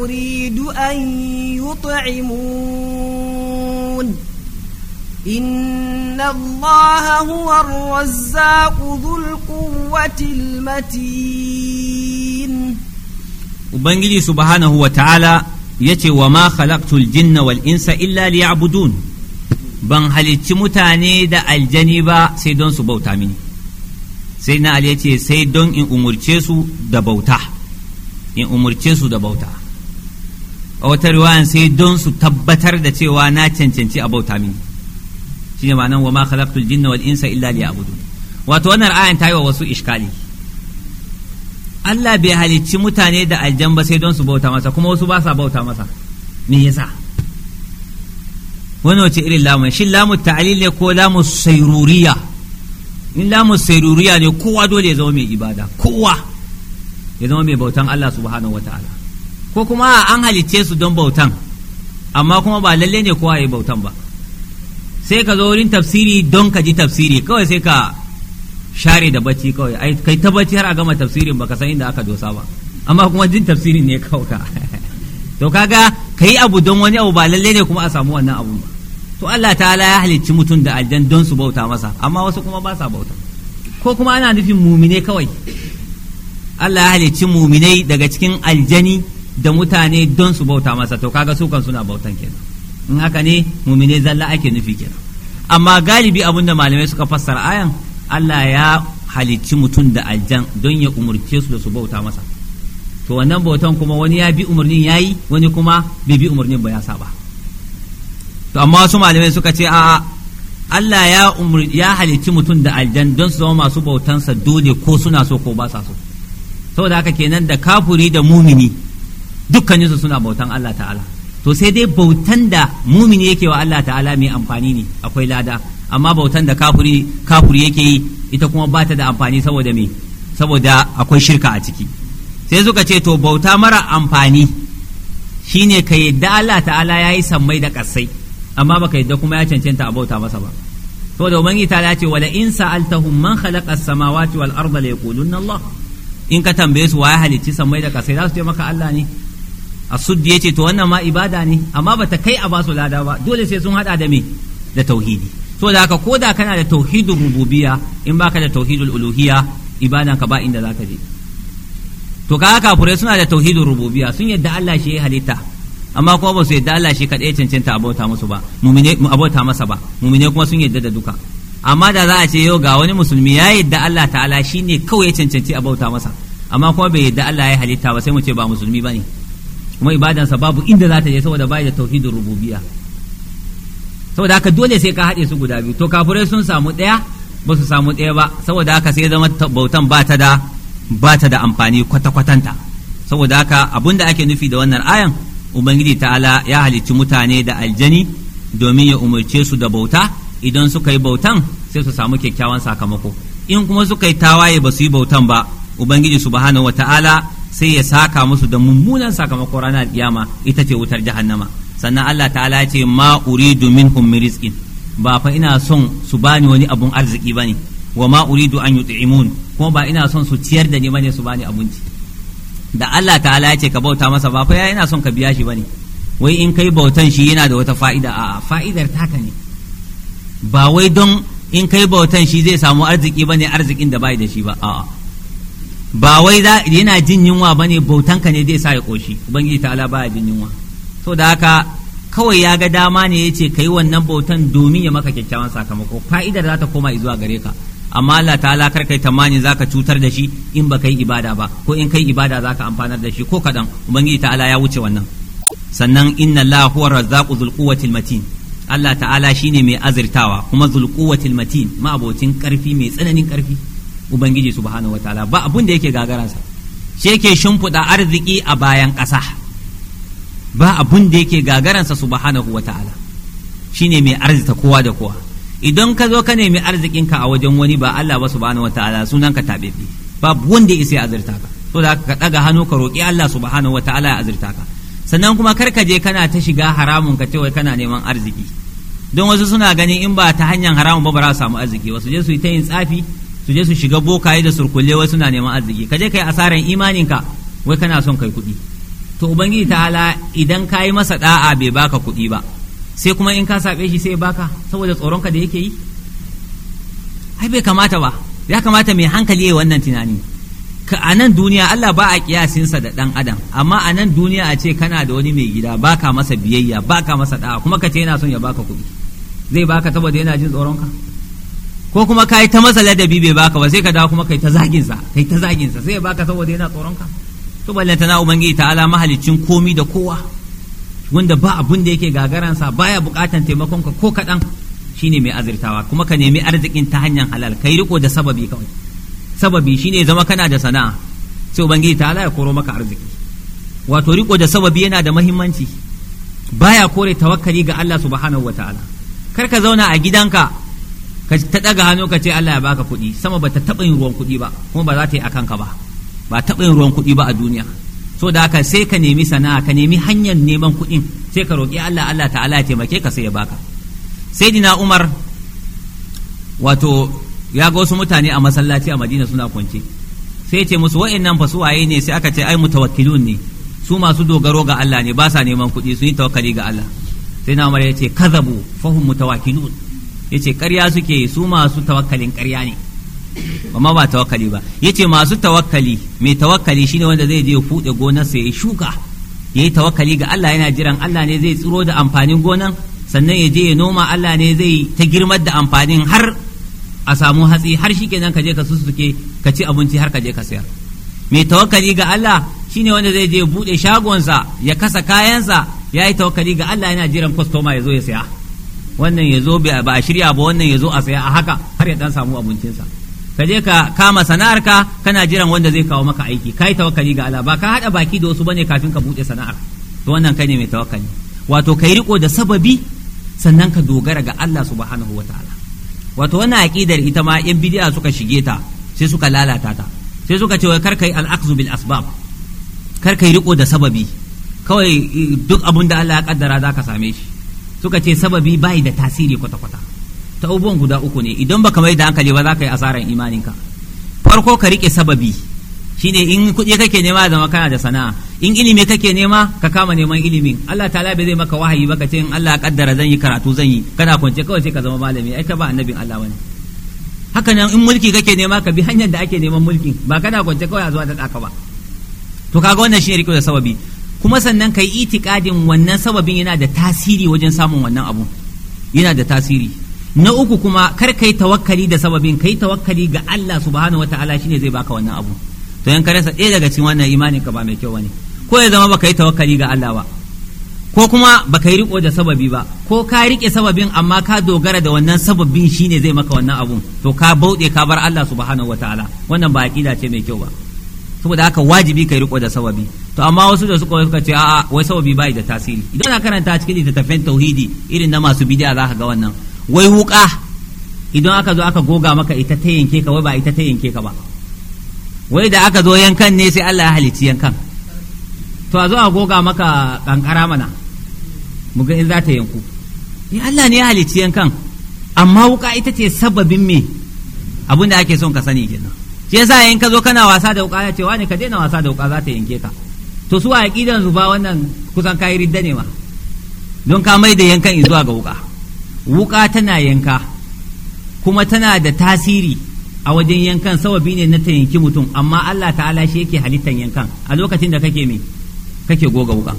أريد أن يطعمون إن الله هو الرزاق ذو القوة المتين وبنجلي سبحانه وتعالى يتي وما خلقت الجن والإنس إلا ليعبدون ban halicci mutane da aljani ba sai don su bauta mini sai na ali ce sai don in umurce su da bauta in umurce su da bauta a wata riwayan sai don su tabbatar da cewa na cancanci a bauta mini shine ma'anar wa ma khalaqtul jinna wal insa illa liya'budun wato wannan ayan ta yi wa wasu iskali. Allah bai halicci mutane da aljan ba sai don su bauta masa kuma wasu ba sa bauta masa me yasa wani wace irin lamu shi lamu ta'alil ne ko lamu sairuriya in lamu sairuriya ne kowa dole ya zama mai ibada kowa ya zama mai bautan Allah subhanahu wataala ko kuma an halicce su don bautan amma kuma ba lalle ne kowa ya yi bautan ba sai ka zo wurin tafsiri don ka ji tafsiri kawai sai ka share da bacci kawai ai kai ta bacci har a gama tafsirin baka san inda aka dosa ba amma kuma jin tafsirin ne kawai to kaga ka yi abu don wani abu ba lalle ne kuma a samu wannan abu ba to Allah ta'ala ya halicci mutum da aljan don su bauta masa amma wasu kuma ba sa bauta ko kuma ana nufin mumine kawai Allah ya halicci muminai daga cikin aljani da mutane don su bauta masa to kaga su kan suna bautan kenan in haka ne mumine zalla ake nufi kenan amma galibi abin da malamai suka fassara ayan Allah ya halicci mutum da aljan don ya umurce su da su bauta masa to wannan bautan kuma wani ya bi umarnin ya yi wani kuma bai bi umarnin ba ya saba to amma wasu malamai suka ce a Allah ya umar ya halicci mutum da aljan don su zama masu bautansa dole ko suna so ko ba sa so saboda haka kenan da kafuri da mumini dukkaninsu suna bautan Allah ta'ala to sai dai bautan da mumini yake wa Allah ta'ala mai amfani ne akwai lada amma bautan da kafuri kafuri yake yi ita kuma ba ta da amfani saboda me saboda akwai shirka a ciki sai suka ce to bauta mara amfani shine ka yadda Allah ta'ala ya yi sammai da ƙasai amma baka yadda kuma ya cancanta a bauta masa ba to da ita ta ce wala in sa'altahum man khalaqa as-samawati wal arda la yaquluna Allah in ka tambaye su waye halicci sammai da ƙasai za su ce maka Allah ne ya yace to wannan ma ibada ne amma bata kai a basu lada ba dole sai sun hada da me da tauhidi so da haka da kana da tauhidul rububiyya in baka da tauhidul uluhiyya ibadan ka ba inda zaka je to haka kafurai suna da tauhidin rububiya sun yadda Allah shi ya halitta amma kuma ba su yadda Allah shi kadai cancanta abota musu ba mumine abota masa ba mumine kuma sun yadda da duka amma da za a ce yau ga wani musulmi ya yadda Allah ta'ala shi ne kawai ya cancanci abota masa amma kuma bai yadda Allah ya halitta ba sai mu ce ba musulmi bane kuma ibadansa babu inda za ta je saboda bai da tauhidin rububiya saboda haka dole sai ka haɗe su guda biyu to kafurai sun samu ɗaya ba su samu ɗaya ba saboda haka sai zama bautan ba ta da ba ta da amfani kwata-kwatanta saboda haka abun da ake nufi da wannan ayan ubangiji ta'ala ya halicci mutane da aljani domin ya umarce su da bauta idan suka yi bautan sai su samu kyakkyawan sakamako in kuma suka yi tawaye ba su yi bautan ba ubangiji subhanahu wata'ala sai ya saka musu da mummunan sakamako ranar kiyama ita ce wutar jahannama sannan Allah ta'ala ce ma uridu minhum min rizqin ba fa ina son su bani wani abun arziki bane wa ma uridu an yut'imun kuma ba ina son su ciyar da ni bane su bani abinci da Allah ta'ala ya ce ka bauta masa ba fa ya ina son ka biya shi bane wai in kai bautan shi yana da wata fa'ida a fa'idar taka ne ba wai don in kai bautan shi zai samu arziki bane arzikin da bai da shi ba a'a ba wai yana jin yunwa bane bautan ka ne zai sa ya koshi ubangiji ta'ala baya jin yunwa to da haka kawai ya ga dama ne ya ce ka wannan bautan domin ya maka kyakkyawan sakamako fa'idar za ta koma zuwa gare ka amma Allah ta'ala kar kai tamani zaka cutar da shi in ba kai ibada ba ko in kai ibada zaka amfanar da shi ko kadan ubangiji ta'ala ya wuce wannan sannan inna Allah huwa razzaqu dhul quwwatil matin Allah ta'ala shine mai azirtawa kuma dhul quwwatil matin ma'abocin karfi mai tsananin karfi ubangiji subhanahu wataala ba abun da yake gagaransa shi yake shimfiɗa arziki a bayan ƙasa ba abun da yake gagaransa subhanahu wataala shine mai arzita kowa da kowa idan ka zo ka nemi arzikinka a wajen wani ba Allah ba subhanahu wataala sunan ka tabebe babu wanda ya isa azurta ka to da ka daga hannu ka roki Allah subhanahu wataala ya azurta ka sannan kuma kar ka je kana ta shiga haramun ka ce wai kana neman arziki don wasu suna ganin in ba ta hanyar haramun ba ba za su samu arziki wasu je su yi ta yin tsafi su je su shiga bokaye da surkulle wai suna neman arziki ka je ka yi asaran imaninka wai kana son kai kuɗi to ubangiji ta'ala idan ka yi masa da'a bai baka kuɗi ba sai kuma in ka saɓe shi sai baka saboda tsoronka da yake yi ai bai kamata ba ya kamata mai hankali ya wannan tunani ka a nan duniya Allah ba a kiyasinsa da ɗan adam amma a nan duniya a ce kana da wani mai gida baka masa biyayya baka masa da'a kuma ka ce yana son ya baka kuɗi zai baka saboda yana jin tsoronka ko kuma ka yi ta masa ladabi bai baka ba sai ka dawo kuma kai ta zaginsa kai ta zaginsa sai ya baka saboda yana tsoronka to ballantana ubangiji ta'ala mahaliccin komi da kowa wanda ba abun da yake gagaransa baya bukatan taimakon ka ko kaɗan shine mai azirtawa kuma ka nemi arzikin ta hanyar halal kai riko da sababi kawai sababi shine zama kana da sana'a sai ubangiji ta ya koro maka arziki wato riko da sababi yana da mahimmanci baya kore tawakkali ga Allah subhanahu wataala kar ka zauna a gidanka ka ta daga hannu ka ce Allah ya baka kuɗi sama ba ta taɓa yin ruwan kuɗi ba kuma ba za ta yi a kanka ba ba taɓa yin ruwan kuɗi ba a duniya so da haka sai ka nemi sana'a ka nemi hanyar neman kuɗin sai ka roƙi Allah Allah ta'ala ya taimake ka sai ya baka dina Umar wato ya ga wasu mutane a masallaci a Madina suna kwance sai ce musu wa'annan fa su waye ne sai aka ce ai mutawakkilun ne su masu dogaro ga Allah ne ba sa neman kuɗi su yi tawakkali ga Allah sai na Umar ya ce kazabu fahum mutawakkilun yace ƙarya suke su masu tawakkalin ƙarya ne amma ba tawakali ba yace masu tawakali mai tawakkali shine wanda zai je fude gonar sa ya shuka yayi tawakali ga Allah yana jiran Allah ne zai tsiro da amfanin gonan sannan ya je ya noma Allah ne zai ta girmar da amfanin har a samu hatsi har shi kenan ka je ka susuke ka ci abinci har ka je ka sayar mai tawakali ga Allah shine wanda zai je bude shagonsa ya kasa kayansa yayi tawakali ga Allah yana jiran kwastoma ya zo ya saya wannan ya zo ba a shirya ba wannan ya zo a saya a haka har ya dan samu abincinsa ka je ka kama sana'ar ka kana jiran wanda zai kawo maka aiki kai tawakkali ga Allah ba ka hada baki da wasu bane kafin ka bude sana'ar to wannan kai ne mai tawakkali wato kai riko da sababi sannan ka dogara ga Allah subhanahu wataala wato wannan aqidar ita ma yan bid'a suka shige ta sai suka lalata ta sai suka ce kar kai al-akhdhu bil asbab kar kai riko da sababi kawai eh, duk abun da Allah ya kaddara za ka same shi suka ce sababi bai da tasiri kwata-kwata ta abubuwan guda uku ne idan baka mai da hankali ba za ka yi asaran imaninka farko ka rike sababi shine in kuɗi kake nema zama kana da sana'a in ilimi kake nema ka kama neman ilimin Allah ta'ala bai zai maka wahayi ba ka ce in Allah kaddara zan yi karatu zan yi kana kwance kawai sai ka zama malami ai ka ba annabin Allah wani haka nan in mulki kake nema ka bi hanyar da ake neman mulkin ba kana kwance kawai a zuwa da ɗaka ba to kaga wannan shine rike da sababi kuma sannan ka yi itikadin wannan sababin yana da tasiri wajen samun wannan abu yana da tasiri na uku kuma kar kai tawakkali da sababin kai tawakkali ga Allah subhanahu wataala shine zai baka wannan abu to yan karasa ɗaya daga cikin wannan imanin ka ba mai kyau bane ko ya zama baka yi tawakkali ga Allah ba ko kuma baka yi riko da sababi ba ko ka rike sababin amma ka dogara da wannan sababin shine zai maka wannan abu, to ka bauɗe ka bar Allah subhanahu wataala wannan ba aqida ce mai kyau ba saboda haka wajibi kai riko da sababi to amma wasu da suka suka ce a'a wai sababi bai da tasiri idan ka karanta cikin littafin tauhidi irin na masu bid'a za ka ga wannan wai wuka idan aka zo aka goga maka ita ta yanke ka wai ba ita ta yanke ka ba wai da aka zo yankan ne sai Allah ya halicci yankan to a zo a goga maka kankara mana mu ga in za ta yanku eh Allah ne ya halicci yankan amma wuka ita ce sababin me abin da ake son ka sani kenan shi yasa in ka zo kana wasa da wuka ya ce wani ka daina wasa da wuka za ta yanke ka to su a aqidan zuba ba wannan kusan kai ridda ne ma don ka mai da yankan zuwa ga wuka wuƙa tana yanka kuma tana da tasiri a wajen yankan sababi ne na ta yanki mutum amma Allah ta'ala shi yake halittan yankan a lokacin da kake me kake goga wuƙa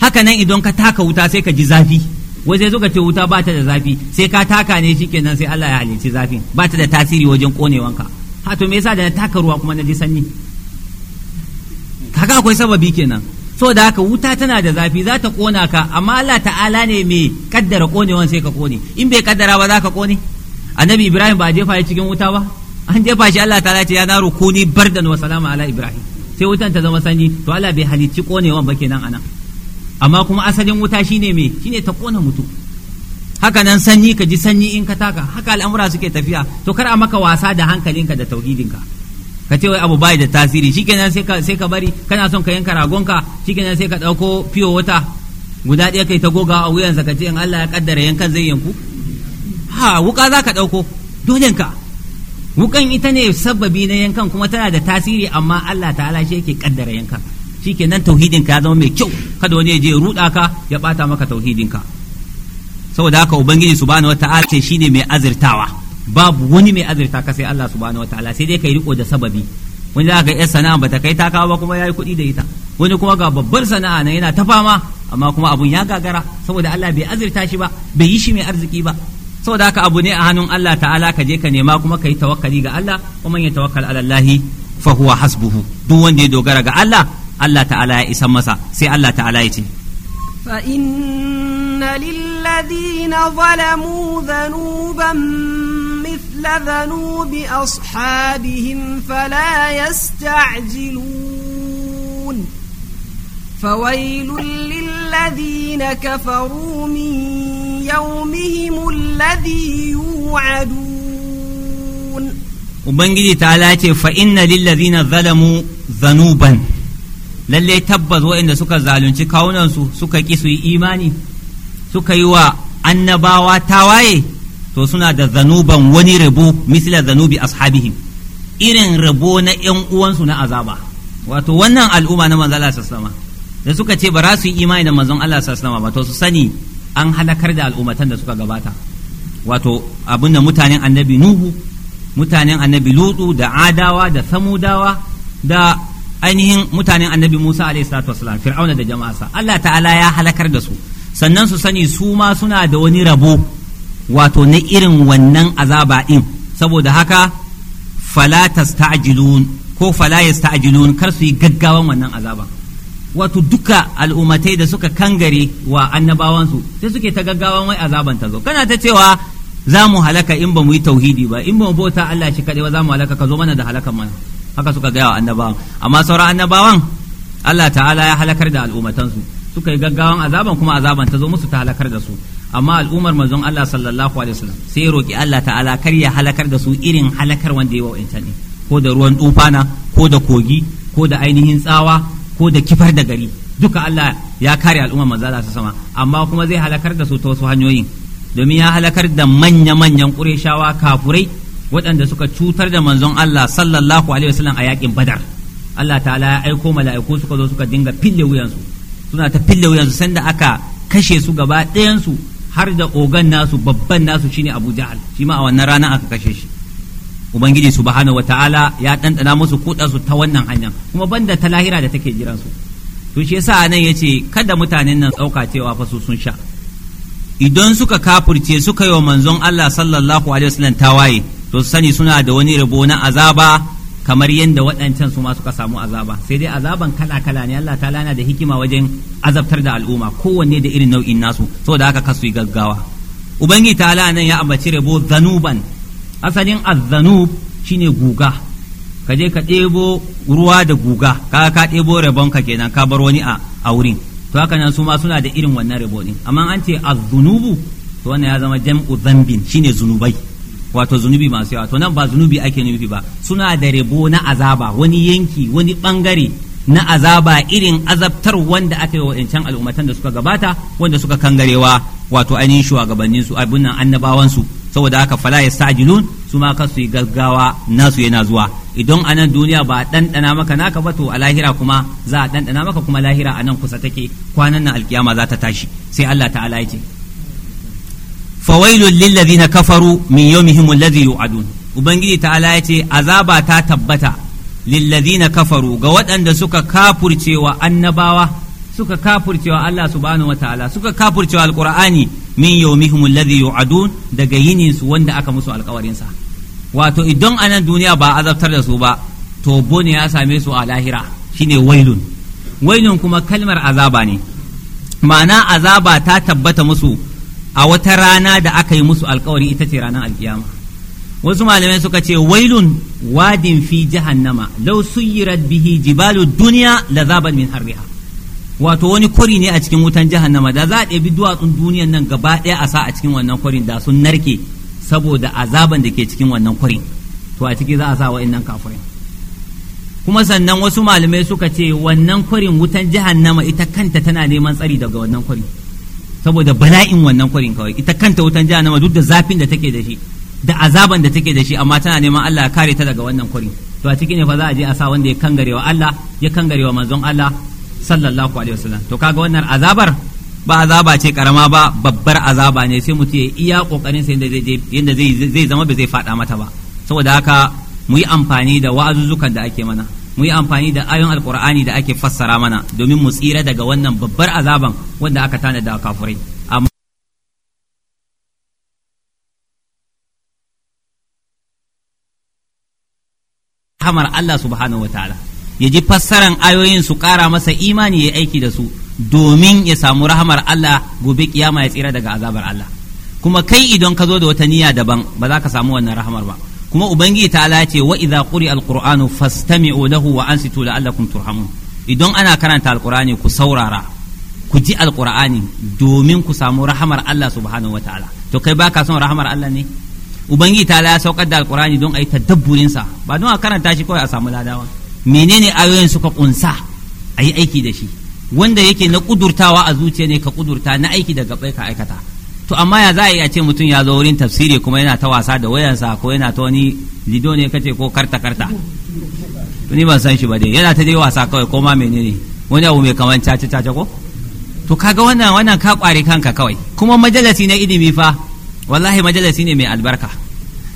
haka nan idan ka taka wuta sai ka ji zafi waje zo ka ce wuta ba ta da zafi sai ka taka ne shikenan sai Allah ya halicci zafi ba ta da tasiri wajen konewanka ha to me yasa da na taka ruwa kuma na ji sanyi kaga akwai sababi kenan da haka wuta tana da zafi za ta kona ka amma Allah ta'ala ne mai kaddara konewan sai ka kone in bai kaddara ba za ka kone annabi ibrahim ba a jefa shi cikin wuta ba an jefa shi Allah ta'ala ce ya naro bar bardan wa salama ala ibrahim sai wutan ta zama sanyi to Allah bai halicci konewan ba kenan anan amma kuma asalin wuta shine me shine ta kona mutu, haka nan sanyi ka ji sanyi in ka taka haka al'amura suke tafiya to kar a maka wasa da hankalinka da tauhidinka ka ce wai abu bai da tasiri shikenan sai ka sai ka bari kana son ka yanka ragonka shikenan sai ka dauko fiyo wata guda ɗaya kai ta goga a wuyansa ka ce in Allah ya kaddara yankan zai yanku ha wuka za ka dauko ka wukan ita ne sababi na yankan kuma tana da tasiri amma Allah ta'ala shi yake kaddara yankan shikenan tauhidin ka ya zama mai kyau kada wani ya je ruda ka ya bata maka tauhidin ka saboda haka ubangiji subhanahu wata'ala ce shine mai azirtawa babu wani mai azurta ka sai Allah subhanahu wataala sai dai kai riko da sababi wani za ga yar sana'a bata kai ta kawo ba kuma yayi kuɗi da ita wani kuma ga babbar sana'a nan yana ta fama amma kuma abun ya gagara saboda Allah bai azurta shi ba bai yi shi mai arziki ba saboda haka abu ne a hannun Allah ta'ala ka je ka nema kuma ka yi tawakkali ga Allah kuma ya tawakkal ala Allah fa huwa hasbuhu duk wanda ya dogara ga Allah Allah ta'ala ya isan masa sai Allah ta'ala ya ce fa inna lilladhina zalamu dhanuban لذنوب بأصحابهم فلا يستعجلون فويل للذين كفروا من يومهم الذي يوعدون وبنجي تعالى فإن للذين ظلموا ذنوبا lallai tabbas waɗanda suka zalunci kawunansu suka ƙi su yi imani suka yi wa annabawa tawaye to suna da zanuban wani rabo misila zanubi ashabihim irin rabo na yan uwansu na azaba wato wannan al'umma na manzon Allah sallama da suka ce ba za su yi imani da manzon Allah sallama ba to su sani an halakar da al'ummatan da suka gabata wato abinda mutanen annabi nuhu mutanen annabi lutu da adawa da samudawa da ainihin mutanen annabi musa alaihi fir'auna da jama'arsa Allah ta'ala ya halakar da su sannan su sani su ma suna da wani rabo wato na irin wannan azaba ɗin saboda haka fala tasta'jilun ko fala yasta'jilun kar su yi gaggawan wannan azaba wato duka al'ummatai da suka kangare wa annabawansu sai suke ta gaggawan wai azaban ta zo kana ta cewa za mu halaka in ba mu yi tauhidi ba in ba mu bauta Allah shi kaɗai ba za mu halaka ka zo mana da halakan mana haka suka gaya wa annabawan amma sauran annabawan Allah ta'ala ya halakar da al'ummatansu suka yi gaggawan azaban kuma azaban ta zo musu ta halakar da su amma al'ummar manzon Allah sallallahu alaihi wasallam sai roki Allah ta'ala kar ya halakar da su irin halakar wanda ya wa'inta ne ko da ruwan tufana ko da kogi ko da ainihin tsawa ko da kifar da gari duka Allah ya kare al'ummar manzon Allah sama amma kuma zai halakar da su ta wasu hanyoyin domin ya halakar da manya-manyan ƙureshawa kafurai waɗanda suka cutar da manzon Allah sallallahu alaihi wasallam a yakin Badar Allah ta'ala ya aiko mala'iku suka zo suka dinga fille wuyansu suna ta fille wuyansu sanda aka kashe su gaba ɗayansu har da ogan nasu babban nasu shine Abu Jahal shi ma a wannan rana aka kashe shi ubangiji subhanahu wataala ya ɗanɗana musu kuɗa ta wannan hanyar kuma banda ta lahira da take jiran su to shi yasa nan yace kada mutanen nan tsauka cewa fa su sun sha idan suka kafurce suka yi wa manzon Allah sallallahu alaihi wasallam tawaye to sani suna da wani rabo na azaba kamar yadda waɗancan su ma suka samu azaba sai dai azaban kala kala ne Allah ta'ala yana da hikima wajen azabtar da al'umma kowanne da irin nau'in nasu saboda haka kasu gaggawa ubangiji ta'ala nan ya ambaci rabo zanuban asalin azzanub shine guga ka je ka ɗebo ruwa da guga kaga ka ɗebo rabon ka kenan ka bar wani a wurin to haka nan su ma suna da irin wannan rabo din amma an ce azunubu to wannan ya zama jam'u zambin shine zunubai wato zunubi masu yawa to nan ba zunubi ake nufi ba suna da rabo na azaba wani yanki wani bangare na azaba irin azabtar wanda aka yi wa'ancan al'ummatan da suka gabata wanda suka kangarewa wato ainihin shugabannin su abin nan annabawan su saboda haka fala ya su ma kasu yi gaggawa nasu yana zuwa idan a nan duniya ba a ɗanɗana maka naka ba to a lahira kuma za a ɗanɗana maka kuma lahira a nan kusa take kwanan nan alkiyama za ta tashi sai Allah ta'ala ya ce fawailul lillazi na kafaru min yawmihim alladhi yu'adun ubangiji ta'ala ya ce azaba ta tabbata lil na kafaru ga waɗanda suka kafurcewa annabawa suka kafurcewa Allah subhanahu wataala suka kafurcewa alqur'ani min yawmihim alladhi yu'adun daga yinin su wanda aka musu alƙawarin sa wato idan anan duniya ba azabtar da su ba to bone ya same su a lahira shine wailun wailun kuma kalmar azaba ne ma'ana azaba ta tabbata musu a wata rana da aka yi musu alkawari ita ce ranar alkiyama wasu malamai suka ce wailun wadin fi jahannama law suyirat bihi jibalu duniya la zabat min harriha wato wani kori ne a cikin wutan jahannama da za a ɗebi duwatsun duniyan nan gaba ɗaya a sa a cikin wannan kwarin da sun narke saboda azaban da ke cikin wannan kwarin to a ciki za a sa wa'annan kafirin kuma sannan wasu malamai suka ce wannan kwarin wutan jahannama ita kanta tana neman tsari daga wannan kwarin saboda bala'in wannan kwarin kawai ita kanta wutan jahannama duk da zafin da take da shi da azaban da take da shi amma tana neman Allah ya kare ta daga wannan kwarin to a cikin ne fa za a je a sa wanda ya kangarewa Allah ya kangarewa manzon Allah sallallahu alaihi wasallam to kaga wannan azabar ba azaba ce karama ba babbar azaba ne sai mutum ya iya kokarin sai yadda zai zama bai zai fada mata ba saboda haka mu yi amfani da wa'azuzzukan da ake mana mu yi amfani da ayon alkur'ani da ake fassara mana domin mu tsira daga wannan babbar azaban wanda aka tana da kafurai amma hamar Allah subhanahu ya ji fassaran ayoyin su ƙara masa imani ya aiki da su domin ya samu rahamar Allah gobe kiyama ya tsira daga azabar Allah kuma kai idan ka zo da wata niyya daban ba za ka samu wannan rahamar ba kuma ubangiji ta ce wa idza quri alqur'anu fastami'u lahu wa ansitu la'allakum turhamun idan ana karanta alqur'ani ku saurara ku ji alqur'ani domin ku samu rahamar Allah subhanahu wataala to kai baka son rahamar Allah ne ubangiji ta ya saukar da alqur'ani don ayi tadabburin sa ba don a karanta shi kawai a samu ladawa menene ayoyin suka kunsa ayi aiki da shi wanda yake na kudurtawa a zuciya ne ka kudurta na aiki daga gabai ka aikata to amma ya za a iya ce mutum ya zo wurin tafsiri kuma yana ta wasa da wayansa ko yana ta wani lido ne kace ko karta karta to ni ban san shi ba dai yana ta dai wasa kawai ko ma menene wani abu mai kaman caca caca ko to kaga wannan wannan ka kware kanka kawai kuma majalisi na ilimi fa wallahi majalisi ne mai albarka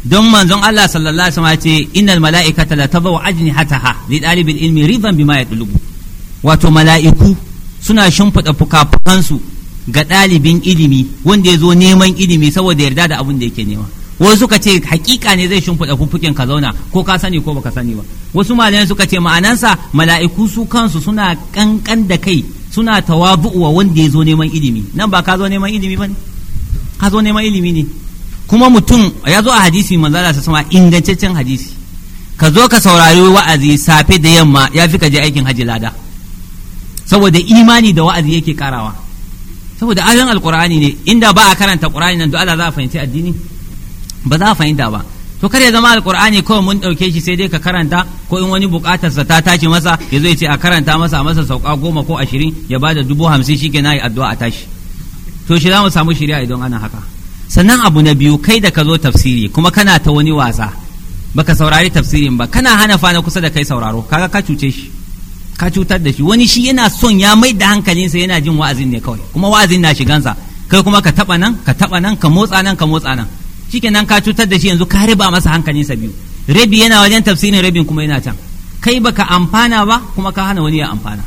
don manzon Allah sallallahu alaihi wasallam ce innal mala'ikata la tadau ajnihataha li dalibil ilmi riban bima yatlubu wato mala'iku suna shimfida fukafukansu ga ɗalibin ilimi wanda ya zo neman ilimi saboda yarda da abin da yake nema wasu suka ce hakika ne zai shimfiɗa fuffuken ka zauna ko ka sani ko baka sani ba wasu malamai suka ce ma'anansa mala'iku su kansu suna kankan da kai suna tawabu'uwa wanda ya zo neman ilimi nan ba ka zo neman ilimi ba ne ka zo neman ilimi ne kuma mutum ya zo a hadisi manzala sa sama ingantaccen hadisi ka zo ka saurari wa'azi safe da yamma ya fi ka je aikin hajji lada saboda imani da wa'azi yake karawa saboda ayoyin alkur'ani ne inda ba a karanta qur'ani nan duk Allah za a fahimci addini ba za a fahimta ba to kar ya zama alkur'ani kawai mun dauke shi sai dai ka karanta ko in wani sa ta tashi masa ya zo ya ce a karanta masa masa sauka goma ko ashirin ya bada dubu hamsin shi ke na yi addu'a a tashi to shi za mu samu shiri'a idan ana haka sannan abu na biyu kai da ka zo tafsiri kuma kana ta wani wasa baka saurari tafsirin ba kana hana fana kusa da kai sauraro kaga ka cuce shi ka cutar da shi wani shi yana son ya mai da hankalinsa yana jin wa'azin ne kawai kuma wa'azin na shigansa kai kuma ka taba nan ka taba nan ka motsa nan ka motsa nan shikenan ka cutar da shi yanzu ka riba masa hankalinsa biyu rabi yana wajen tafsirin rabin kuma yana can kai baka amfana ba kuma ka hana wani ya amfana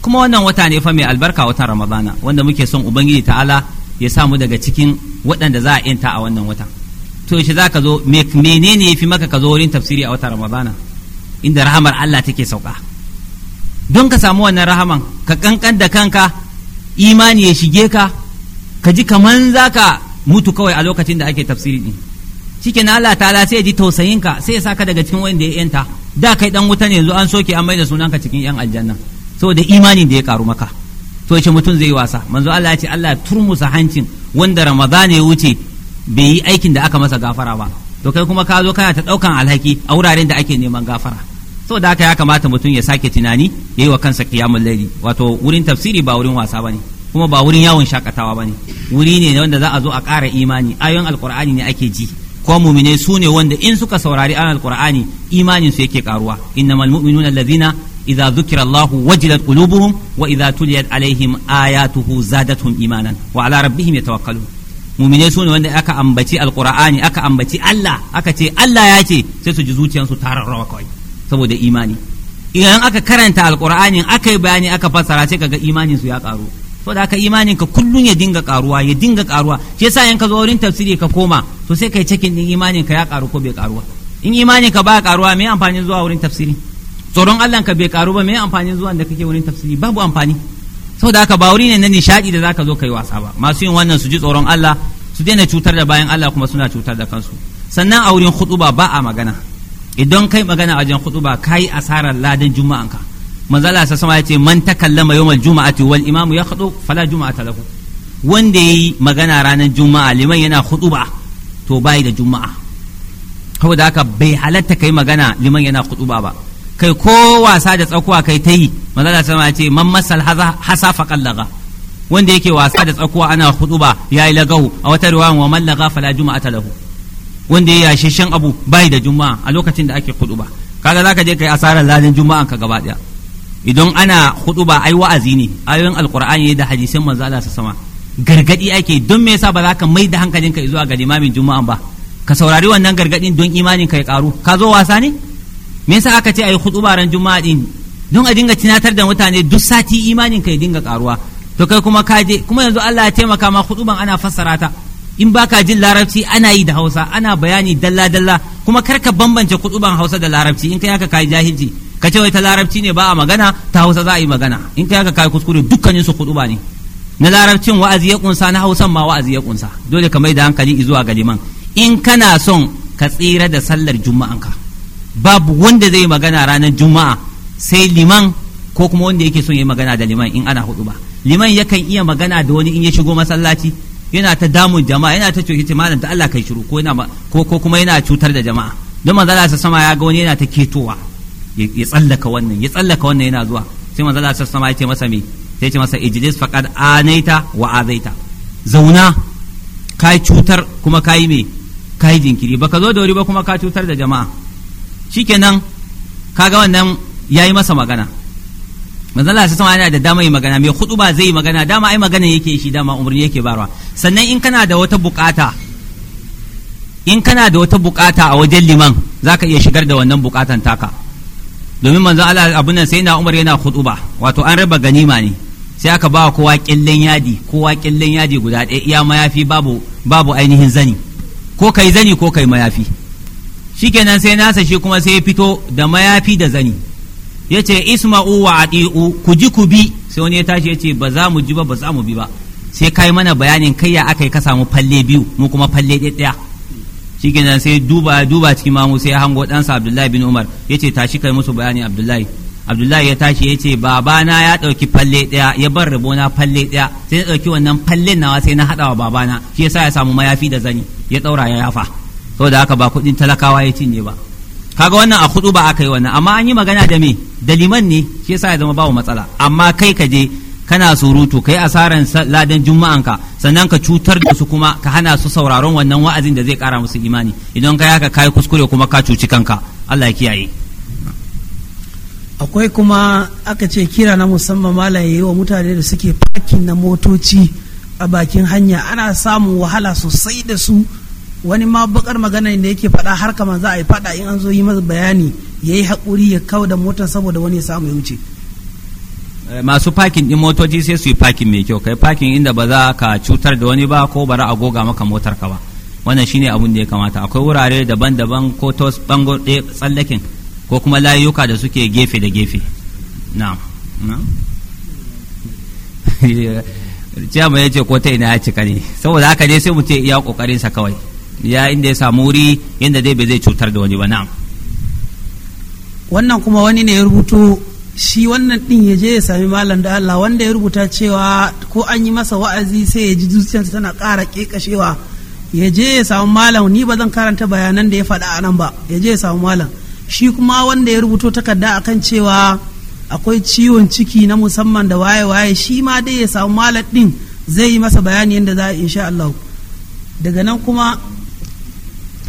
kuma wannan wata ne fa mai albarka watan ramadana wanda muke son ubangiji ta'ala ya samu daga cikin waɗanda za a yanta a wannan watan to shi za ka zo menene ya fi maka ka zo wurin tafsiri a watan ramadana inda rahamar allah take sauka don ka samu wannan rahaman ka kankan da kanka imani ya shige ka ka ji kaman za ka mutu kawai a lokacin da ake tafsiri din cikin Allah ta'ala sai ya ji tausayin ka sai ya saka daga cikin wanda ya yanta da kai dan wuta ne yanzu an soke an maida sunanka cikin yan aljanna saboda imanin da ya karu maka to shi mutum zai yi wasa manzo Allah ya ce Allah turmusa hancin wanda Ramadan ya wuce bai yi aikin da aka masa gafara ba to kai kuma ka zo kana ta daukan alhaki a wuraren da ake neman gafara so da haka ya kamata mutum ya sake tunani ya yi wa kansa kiyamun laili wato wurin tafsiri ba wurin wasa ne kuma ba wurin yawon shakatawa bane wuri ne wanda za a zo a ƙara imani ayon alkur'ani ne ake ji ko muminai su ne wanda in suka saurari ayoyin alkur'ani imanin su yake karuwa innamal mu'minuna allazina idza dhukira allahu wajilat qulubuhum wa idza tuliyat alaihim ayatuhu zadatuhum imanan wa ala rabbihim yatawakkalun mumine su ne wanda aka ambaci alkur'ani aka ambaci Allah aka ce Allah ya ce sai su ji zuciyarsu ta rawa kawai saboda imani idan aka karanta alqur'anin aka yi bayani aka fassara sai kaga imanin su ya karu saboda haka imanin ka kullun ya dinga karuwa ya dinga karuwa shi yasa in ka zo wurin tafsiri ka koma to sai kai cikin din imanin ka ya karu ko bai karuwa in imanin ka ba karuwa me amfani zuwa wurin tafsiri tsoron Allah ka bai karu ba me amfani zuwa da kake wurin tafsiri babu amfani saboda haka ba wuri ne na nishadi da zaka zo kai wasa ba masu yin wannan su ji tsoron Allah su daina cutar da bayan Allah kuma suna cutar da kansu sannan a wurin khutuba ba a magana idan kai magana wajen khutuba kai asarar ladan juma'anka manzo Allah sa sama ce man takallama yawmal juma'ati wal imamu yakhudu fala juma'ata lahu wanda yi magana ranar juma'a liman yana khutuba to bai da juma'a saboda haka bai halatta kai magana liman yana khutuba ba kai ko wasa da tsakuwa kai ta yi manzo Allah sama ce man masal hasa faqal laga wanda yake wasa da tsakuwa ana khutuba yayi lagahu a wata riwaya wa man laga fala juma'ata lahu wanda ya shan abu bai da juma'a a lokacin da ake huduba kaga zaka je kai asarar ladan juma'an ka gaba daya idan ana huduba ai wa'azi ne ayoyin alqur'ani da hadisin manzo Allah sama gargadi ake don me yasa ba za ka mai da hankalinka zuwa ga limamin juma'an ba ka saurari wannan gargadin don imanin ka ya karu ka zo wasa ne me yasa aka ce ayi huduba ran juma'a din don a dinga tunatar da mutane duk sati imanin ka ya dinga karuwa to kai kuma ka je kuma yanzu Allah ya taimaka ma huduban ana fassara ta in baka jin larabci ana yi da hausa ana bayani dalla dalla kuma kar ka bambance kutuban hausa da larabci in kai haka kai jahilci ka ce wai ta larabci ne ba a magana ta hausa za a yi magana in kai haka kai kuskure dukkanin su ne na larabcin wa'azi ya kunsa na hausan ma wa'azi ya kunsa dole ka mai da hankali zuwa ga liman in kana son ka tsira da sallar juma'anka babu wanda zai magana ranar juma'a sai liman ko kuma wanda yake son ya magana da liman in ana hudu ba liman yakan iya magana da wani in ya shigo masallaci yana ta damun jama'a yana ta cuci malam ta Allah kai shiru ko yana ko ko kuma yana cutar da jama'a don manzo Allah sama ya ga wani yana ta ketowa ya tsallaka wannan ya tsallaka wannan yana zuwa sai manzo Allah sama ya ce masa me sai ya ce masa ijlis faqad anaita wa azaita zauna kai cutar kuma kai me kai jinkiri baka zo da wuri ba kuma ka cutar da jama'a shikenan kaga wannan yayi masa magana manzon Allah yana da dama yi magana mai ba zai yi magana dama ai magana yake shi dama umarni yake barwa sannan in kana da wata bukata in kana da wata bukata a wajen liman za ka iya shigar da wannan bukatan taka domin manzon Allah abun nan sai na Umar yana ba wato an raba ganima ne sai aka ba kowa kyallen yadi kowa kyallen yadi guda ɗaya iya mayafi babu babu ainihin zani ko kai zani ko kai mayafi shikenan sai nasa shi kuma sai ya fito da mayafi da zani ya ce isma'u wa adi'u ku ji ku bi sai wani ya tashi ya ce ba za mu ji ba ba za mu bi ba sai kai mana bayanin kai ya aka yi ka samu falle biyu mu kuma falle ɗaya nan sai duba duba cikin mamu sai hango ɗansa abdullahi bin umar ya ce tashi kai musu bayani abdullahi abdullahi ya tashi ya ce babana ya ɗauki falle ɗaya ya bar rabona falle ɗaya sai ya ɗauki wannan fallen nawa sai na haɗa wa babana shi sa ya samu mayafi da zani ya ɗaura ya yafa saboda haka ba kuɗin talakawa ya cinye ba kaga wannan a hudu ba aka yi wannan amma an yi magana da me da liman ne shi yasa ya zama babu matsala amma kai ka je kana surutu kai asaran ladan ka sannan ka cutar da su kuma ka hana su sauraron wannan wa'azin da zai kara musu imani idan ka yaka kai kuskure kuma ka cuci kanka Allah ya kiyaye akwai kuma aka ce kira na musamman malaye wa mutane da suke parking na motoci a bakin hanya ana samun wahala sosai da su wani ma bakar magana da yake faɗa har kaman za a yi faɗa in an zo yi masa bayani ya yi haƙuri ya kawo da motar saboda wani ya samu ya wuce eh, masu pakin ɗin motoci sai su yi fakin mai kyau kai pakin inda ba za ka cutar da wani ba ko bara a goga maka motar ka ba wannan shine abun da ya kamata akwai wurare daban-daban ko ta bango ɗaya eh, tsallakin ko kuma layuka da suke gefe da gefe na'am na'am ya ce ko ta ina ya cika ne saboda haka ne sai mu ce iya kokarin sa kawai ya inda ya samu wuri yadda dai bai zai cutar da wani ba na'am wannan kuma wani ne ya rubuto shi wannan din ya je ya sami malam da Allah wanda ya rubuta cewa ko an yi masa wa'azi sai ya ji zuciyarsa tana ƙara ƙeƙashewa ya je ya samu malam ni ba zan karanta bayanan da ya faɗa a nan ba ya je ya samu malam shi kuma wanda ya rubuto takarda akan cewa akwai ciwon ciki na musamman da waye-waye shi ma dai ya samu malam din zai yi masa bayani yadda za a insha Allah daga nan kuma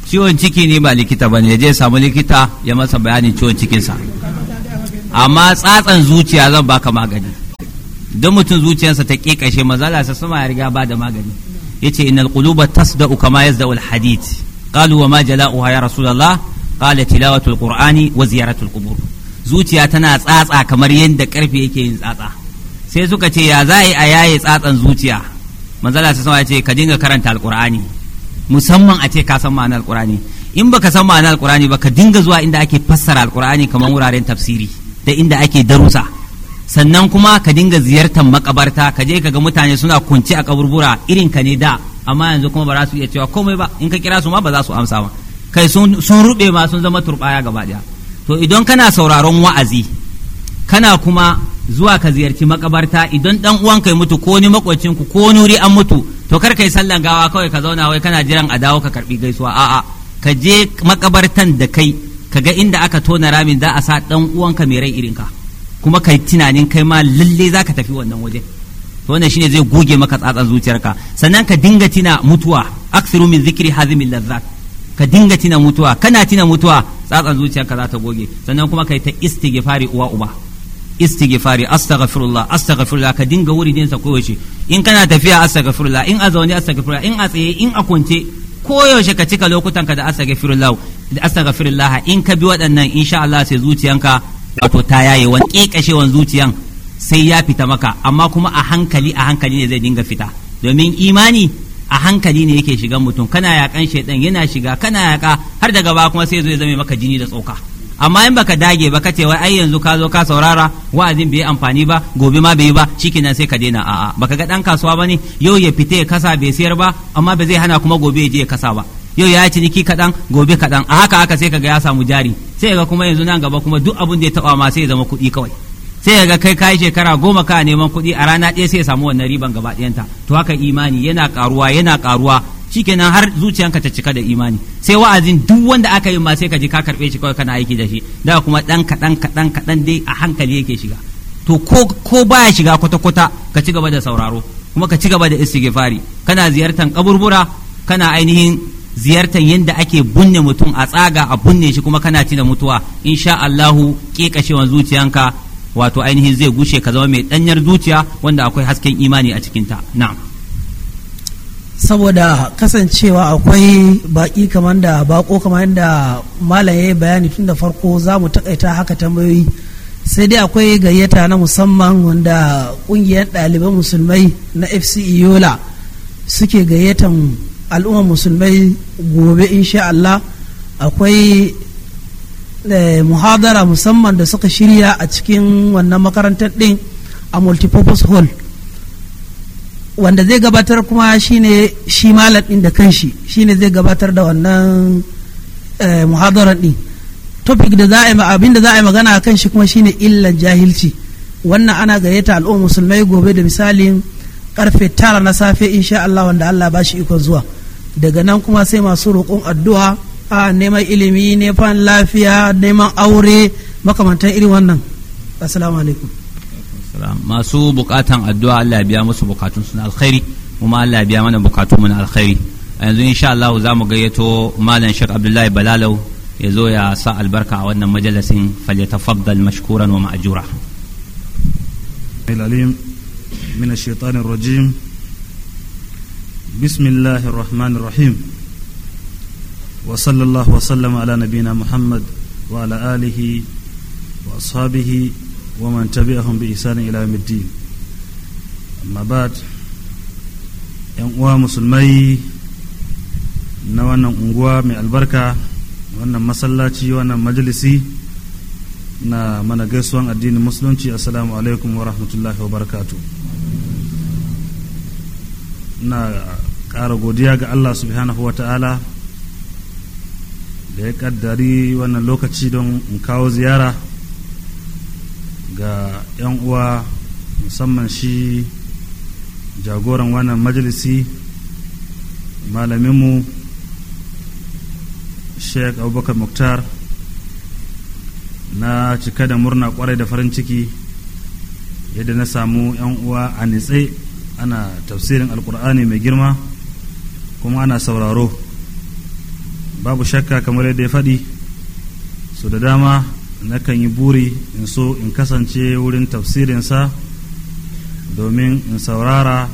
ciwon ciki ne ba likita ba ne ya je samu likita ya masa bayanin ciwon cikinsa amma tsatsan zuciya zan baka magani don mutum zuciyarsa ta ƙeƙashe mazala sa sama ya riga ba da magani yace innal quluba tasda'u kama yazda'u alhadid qalu wa ma uha ya rasulullah qala tilawatul qur'ani wa ziyaratul qubur zuciya tana tsatsa kamar yadda karfe yake yin tsatsa sai suka ce ya za a yi a yaye tsatsan zuciya manzala sa sama ya ce ka dinga karanta alqur'ani musamman a ce ka san ma'anar alkurani in baka san ma'anar alkurani ba ka dinga zuwa inda ake fassara alkurani kamar wuraren tafsiri da inda ake darusa sannan kuma ka dinga ziyartar makabarta ka je ka ga mutane suna kunci a kaburbura irin ka ne da amma yanzu kuma ba za su iya cewa komai ba in ka kira su ma ba za su amsa ba kai sun rube ma sun zama turbaya gaba daya to idan kana sauraron wa'azi kana kuma zuwa ka ziyarci makabarta idan dan uwan kai mutu ko ni makwacin ku ko nuri an mutu to kar ka yi sallan gawa kawai ka zauna wai kana jiran a dawo ka karbi gaisuwa a'a ka je makabartan da kai ka ga inda aka tona ramin za a sa dan uwanka mai rai irin ka kuma kai tunanin kai ma lalle za ka tafi wannan waje to wannan shine zai goge maka tsatsan zuciyarka sannan ka dinga tina mutuwa aksiru min zikri hazimil lazzat ka dinga tina mutuwa kana tina mutuwa tsatsan zuciyarka za ta goge sannan kuma kai ta istighfari uwa uba istighfari astaghfirullah astaghfirullah ka dinga dinsa ko koyaushe in kana tafiya astaghfirullah in a zaune astaghfirullah in a tsaye in a kwance koyaushe ka cika lokutan ka da astaghfirullah da astaghfirullah in ka bi waɗannan insha Allah sai zuciyanka wato ta yaye wani kekashewan zuciyan sai ya fita maka amma kuma a hankali a hankali ne zai dinga fita domin imani a hankali ne yake shigan mutum kana yakan shedan yana shiga kana yaka har daga ba kuma sai zai zame maka jini da tsoka amma in baka dage ba ce wai ai yanzu ka zo ka saurara wa'azin bai amfani ba gobe ma bai yi ba shikenan sai ka daina a'a baka ga dan kasuwa ba ne yau ya fita ya kasa bai siyar ba amma ba zai hana kuma gobe ya je ya kasa ba yau ya ciniki kaɗan gobe kaɗan a haka haka sai ga ya samu jari sai ga kuma yanzu nan gaba kuma duk abin da ya taɓa ma sai ya zama kuɗi kawai sai ga kai kayi shekara goma ka neman kuɗi a rana ɗaya sai ya samu wannan riban gaba ɗayanta to haka imani yana karuwa yana karuwa shikenan har zuciyanka ta cika da imani sai wa'azin duk wanda aka yi ma sai ka ji ka karbe shi kawai kana aiki da shi da kuma dan kadan kadan kadan dai a hankali yake shiga to ko ko baya shiga kwata kwata ka ci gaba da sauraro kuma ka ci gaba da istighfari kana ziyartar kaburbura kana ainihin ziyartar yadda ake bunne mutum a tsaga a bunne shi kuma kana tina mutuwa insha Allahu kekashewan zuciyanka wato ainihin zai gushe ka zama mai danyar zuciya wanda akwai hasken imani a cikinta na'am saboda kasancewa akwai baki kamar da bako kamar da malam ya yi bayani tun da farko za mu takaita haka tambayoyi sai dai akwai gayyata na musamman wanda kungiyar ɗaliban musulmai na fc yola suke gayyatan al'ummar musulmai gobe insha Allah akwai eh, muhadara musamman da suka shirya a cikin wannan makarantar ɗin a multipurpose hall wanda zai gabatar kuma shine shi malam da kanshi shine zai gabatar da wannan eh, muhadarar din topic da za a yi abin da za a yi magana a kan shi kuma shine illan jahilci wannan ana gayyata al'ummar musulmai gobe da misalin karfe tara na safe insha Allah wanda Allah ba shi ikon zuwa daga nan kuma sai masu roƙon addu'a a neman ilimi neman lafiya neman aure makamantan irin wannan assalamu alaikum salam masu bukatan addu'a Allah biya musu bukatun su alkhairi kuma Allah biya mana bukatun mun na alkhairi a yanzu insha Allah za mu gayyato malam Sheikh Abdullahi Balalau ya zo ya sa albarka a wannan majalisin falyatafaddal mashkuran wa ma'jura العليم من الشيطان الرجيم بسم الله الرحمن الرحيم وصلى الله وسلم على نبينا محمد وعلى آله وأصحابه ومن تبعهم بإحسان إلى يوم الدين أما بعد uwa musulmai na wannan unguwa mai albarka wannan masallaci wannan majalisi na mana gaisuwan addinin musulunci assalamu alaikum wa rahmatullahi wa barakatu na kara godiya ga allah subhanahu wa ta'ala da ya ƙaddari wannan lokaci don in kawo ziyara ga 'yan uwa musamman shi jagoran wannan majalisi malaminmu sheik abubakar muktar na cika da murna kwarai da farin ciki yadda na samu 'yan uwa a nitse ana tafsirin alkur'ani mai girma kuma ana sauraro babu shakka kamar yadda ya faɗi su da dama nakan yi buri in so in kasance wurin tafsirinsa domin in saurara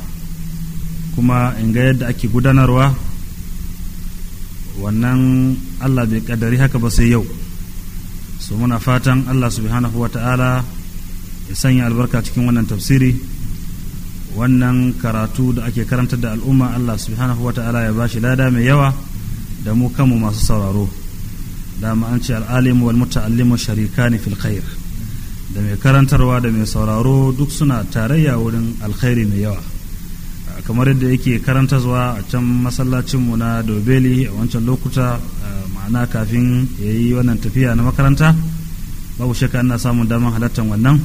kuma in ga yadda ake gudanarwa wannan allah bai kadari haka ba sai yau so muna fatan allah subhanahu wa ta'ala ya sanya albarka cikin wannan tafsiri wannan karatu da ake karantar da al'umma allah subhanahu wa ta'ala ya bashi lada mai yawa da mu kanmu masu sauraro dama an ce al'alimu wal muta'allimu sharikani fil khair da mai karantarwa da mai sauraro duk suna tarayya wurin alkhairi mai yawa kamar yadda yake karantarwa a can masallacin mu na dobeli a wancan lokuta ma'ana kafin ya yi wannan tafiya na makaranta babu shakka ana samun damar halartar wannan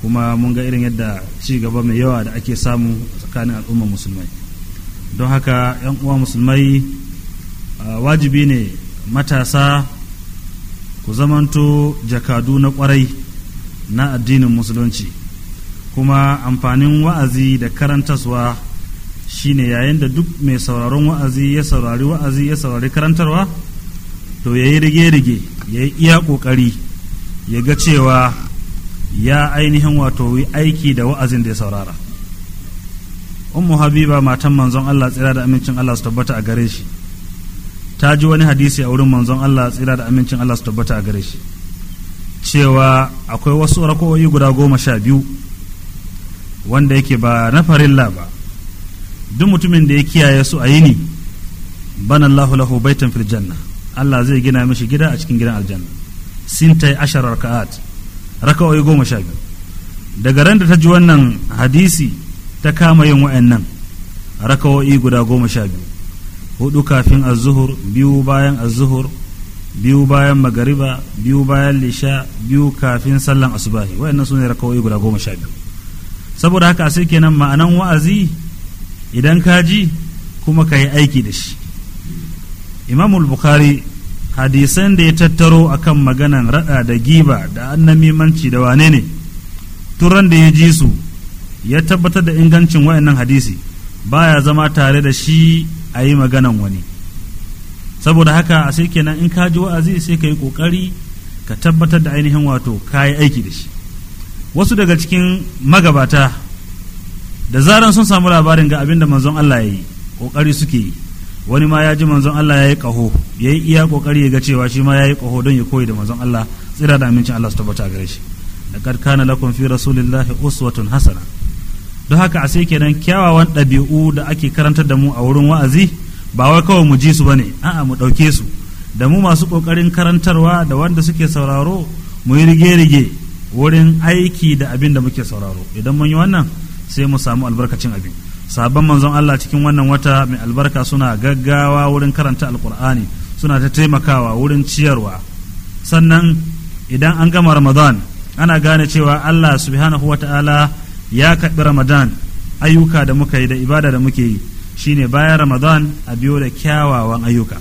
kuma mun ga irin yadda ci gaba mai yawa da ake samu tsakanin al'ummar musulmai don haka 'yan uwa musulmai wajibi ne matasa ku zamanto jakadu na kwarai na addinin musulunci kuma amfanin wa'azi da karantaswa shine yayin da duk mai sauraron wa'azi ya saurari wa'azi ya saurari karantarwa to ya yi rige-rige ya yi iya ƙoƙari ya ga cewa ya ainihin wato aiki da wa'azin da ya saurara ummu habiba matan manzon allah tsira da amincin allah su tabbata a gare shi ta ji wani hadisi a wurin manzon Allah tsira da amincin Allah su tabbata a gare shi cewa akwai wasu rakowoyi guda goma sha biyu wanda yake ba na farilla ba duk mutumin da ya kiyaye su a yini bana Allahu lahu baitan fil janna Allah zai gina mishi gida a cikin gidan aljanna sintai ashar raka'at rakawai goma sha biyu daga ran da ta ji wannan hadisi ta kama yin wa'annan rakawai guda goma sha biyu hudu kafin azuhur biyu bayan azuhur biyu bayan magariba biyu bayan lisha biyu kafin sallan asubahi wayannan sune rakawoyi guda goma sha biyu saboda haka sai kenan ma'anan wa'azi idan ka ji kuma ka yi aiki da shi imamul bukhari hadisan da ya tattaro akan maganan rada da giba da annamimanci da wane ne turan da ya ji su ya tabbatar da ingancin wayannan hadisi baya zama tare da shi a yi maganan wani saboda haka a sai kenan in ka ji wa'azi sai ka yi ƙoƙari ka tabbatar da ainihin wato ka yi aiki da shi wasu daga cikin magabata da zaran sun samu labarin ga abin da manzon Allah ya yi ƙoƙari suke yi wani ma ya ji manzon Allah ya yi ƙaho ya yi iya ƙoƙari ya ga cewa shi ma ya yi ƙaho don ya koyi da manzon Allah tsira da amincin Allah su tabbata gare shi laqad kana lakum fi rasulillahi uswatun hasana don haka a sai kenan kyawawan ɗabi'u da ake karantar da mu a wurin wa'azi ba wai kawai mu ji su bane a'a mu ɗauke su da mu masu ƙoƙarin karantarwa da wanda suke sauraro mu yi rige-rige wurin aiki da abin da muke sauraro idan mun yi wannan sai mu samu albarkacin abin sabon manzon Allah cikin wannan wata mai albarka suna gaggawa wurin karanta alkur'ani suna ta taimakawa wurin ciyarwa sannan idan an gama ramadan ana gane cewa Allah subhanahu wa ta'ala ya karɓi ramadan ayyuka da muka yi da ibada da muke yi ne bayan ramadan a biyo da kyawawan ayyuka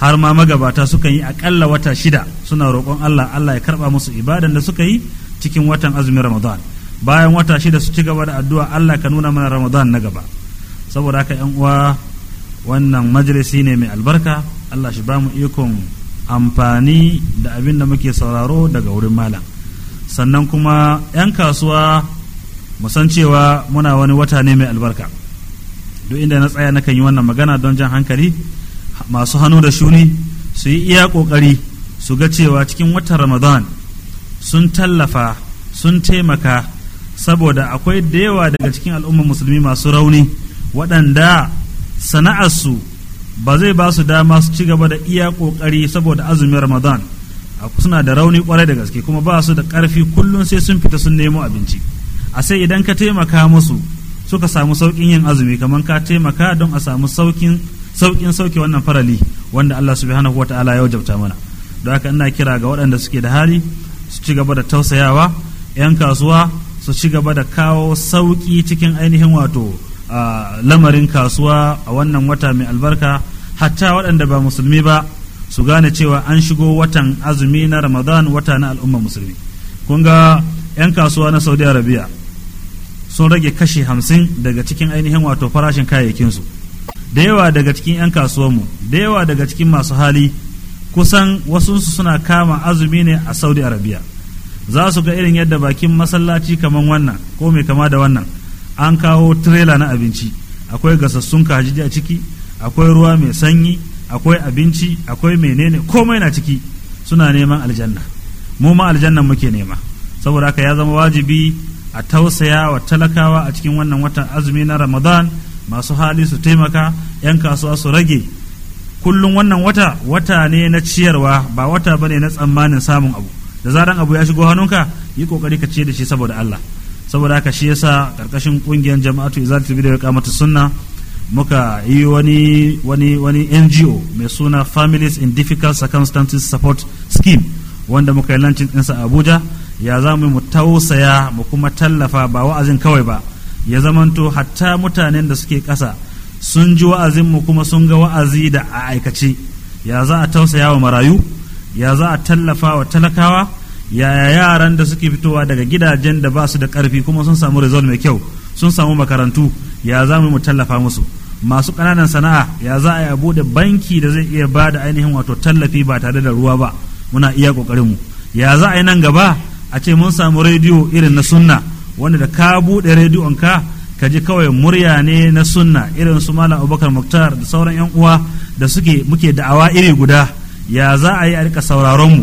har ma magabata sukan yi aƙalla wata shida suna roƙon Allah Allah ya karɓa musu ibadan da suka yi cikin watan azumin ramadan bayan wata shida su ci gaba da addu'a Allah ka nuna mana ramadan na gaba saboda haka yan uwa wannan majalisi ne mai albarka Allah shi ba mu ikon amfani da abin da muke sauraro daga wurin malam sannan kuma yan kasuwa mu san cewa muna wani wata ne mai albarka duk inda na tsaya nakan yi wannan magana don jan hankali masu hannu da shuni su yi iya ƙoƙari su ga cewa cikin watan ramadan sun tallafa sun taimaka saboda akwai da yawa daga cikin al'ummar musulmi masu rauni waɗanda sana'arsu ba zai ba su dama su ci gaba da iya ƙoƙari saboda azumin ramadan suna da rauni ƙwarai da gaske kuma ba su da ƙarfi kullum sai sun fita sun nemo abinci a sai idan ka taimaka musu suka samu saukin yin azumi kamar ka taimaka don a samu saukin sauƙin sauke wannan farali wanda Allah subhanahu ta'ala ya wajabta mana don haka ina kira ga waɗanda suke da hali su ci gaba da tausayawa 'yan kasuwa su ci gaba da kawo sauki cikin ainihin wato lamarin kasuwa a wannan wata mai albarka hatta waɗanda ba musulmi ba su gane cewa an shigo watan azumi na ramadan wata na al'umma musulmi kun ga 'yan kasuwa na saudi arabia sun rage kashi hamsin daga cikin ainihin wato farashin kayayyakinsu da yawa daga cikin 'yan kasuwanmu da yawa daga cikin masu hali kusan wasunsu suna kama azumi ne a saudi arabia za su ga irin yadda bakin masallaci kamar wannan ko mai kama da wannan an kawo tirela na abinci akwai gasassun kaji a ciki akwai ruwa mai sanyi akwai abinci akwai menene komai na ciki suna neman aljanna mu ma aljannan muke nema saboda haka ya zama wajibi a tausaya wa talakawa a cikin wannan watan azumi na ramadan masu hali su taimaka 'yan kasuwa su rage kullum wannan wata wata ne na ciyarwa ba wata ba ne na tsammanin samun abu da zaran abu ya shigo hannunka yi kokari ka ciye da shi saboda Allah saboda haka shi yasa karkashin kungiyar jama'atu izalatu bid'a kamata sunna muka yi wani wani wani NGO mai suna Families in Difficult Circumstances Support Scheme wanda muka yi lancin ɗinsa abuja ya za mu tausaya mu kuma tallafa ba wa'azin kawai ba ya zamanto hatta mutanen da suke kasa sun ji mu kuma sun ga wa'azi da a aikace ya za a tausaya wa marayu ya za a tallafa wa talakawa yaya yaran da suke fitowa daga gidajen da ba su da karfi kuma sun samu result mai kyau sun samu makarantu ya za mu tallafa musu masu ƙananan sana'a ya za a yi a buɗe banki da zai iya ba da ainihin wato tallafi ba tare da ruwa ba muna iya kokarin mu ya za a yi nan gaba a ce mun samu rediyo irin na sunna wanda da ka buɗe rediyon ka ka ji kawai murya ne na sunna irin su malam abubakar muktar da sauran yan uwa da suke muke da'awa iri guda ya za a yi a rika sauraron mu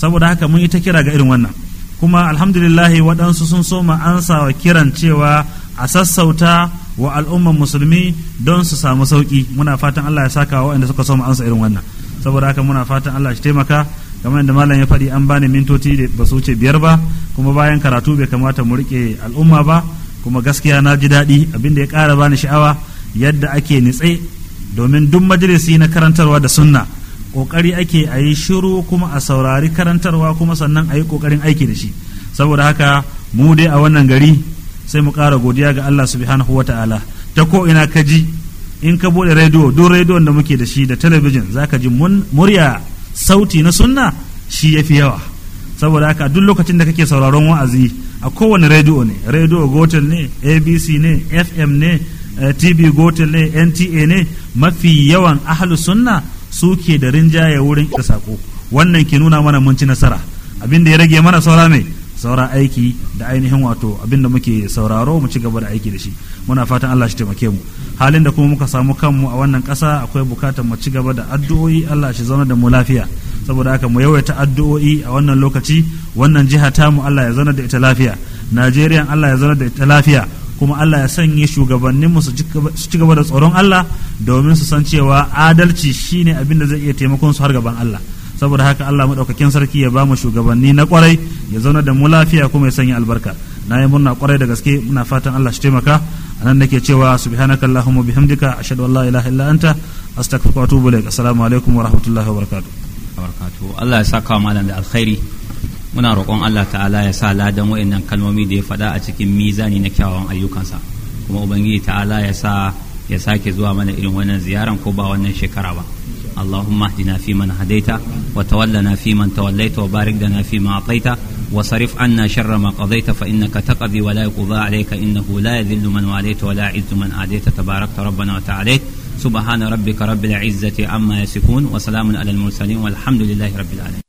saboda haka mun yi ta kira ga irin wannan kuma alhamdulillahi waɗansu sun soma ansa wa kiran cewa a sassauta wa al'umman musulmi don su samu sauƙi muna fatan allah ya saka waɗanda suka soma ansa irin wannan saboda haka muna fatan Allah shi taimaka kamar yadda malam ya faɗi an bani mintoci da ba su wuce biyar ba kuma bayan karatu bai kamata mu rike al'umma ba kuma gaskiya na ji daɗi abinda ya ƙara bani sha'awa yadda ake nitse domin duk majalisi na karantarwa da sunna ƙoƙari ake a yi shiru kuma a saurari karantarwa kuma sannan a yi ƙoƙarin aiki da shi saboda haka mu dai a wannan gari sai mu ƙara godiya ga Allah subhanahu wa ta'ala ta ko ina ka ji in ka bude rediyo duk rediyon da muke da shi da talabijin za ka ji murya sauti na sunna shi ya fi yawa saboda haka duk lokacin da kake sauraron wa'azi a kowane rediyo ne rediyo gotel ne abc ne fm ne eh, tv gotel ne nta ne mafi yawan ahlu sunna suke da rinjaye wurin ita sako wannan ke nuna mana mun ci nasara abin da ya rage mana saura mai saura aiki da ainihin wato abinda muke sauraro mu ci gaba da aiki da shi muna fatan Allah shi taimake mu halin da kuma muka samu kanmu a wannan kasa akwai bukatar mu ci gaba da addu'o'i Allah shi zauna da mu lafiya saboda haka mu yawaita addu'o'i a wannan lokaci wannan jiha mu Allah ya zauna da ita lafiya Najeriya Allah ya zauna da ita lafiya kuma Allah ya sanya shugabanninmu su ci gaba da tsoron Allah domin su san cewa adalci shine abin da zai iya taimakon su har gaban Allah saboda haka Allah maɗaukakin sarki ya ba mu shugabanni na kwarai ya zauna da mu lafiya kuma ya sanya albarka na yi murna kwarai da gaske muna fatan Allah shi taimaka anan nake cewa subhanaka allahumma bihamdika ashhadu an la ilaha illa anta astaghfiruka wa atubu ilaik assalamu alaikum wa rahmatullahi wa barakatuh Allah ya saka malam da alkhairi muna roƙon Allah ta'ala ya sa ladan wa'annan kalmomi da ya faɗa a cikin mizani na kyawawan ayyukansa kuma ubangiji ta'ala ya sa ya sake zuwa mana irin wannan ziyaran ko ba wannan shekara ba اللهم اهدنا فيمن هديت وتولنا فيمن توليت وبارك لنا فيما أعطيت وصرف عنا شر ما قضيت فإنك تقضي ولا يقضى عليك إنه لا يذل من واليت ولا يعز من آديت تباركت ربنا وتعاليت سبحان ربك رب العزة عما يصفون وسلام على المرسلين والحمد لله رب العالمين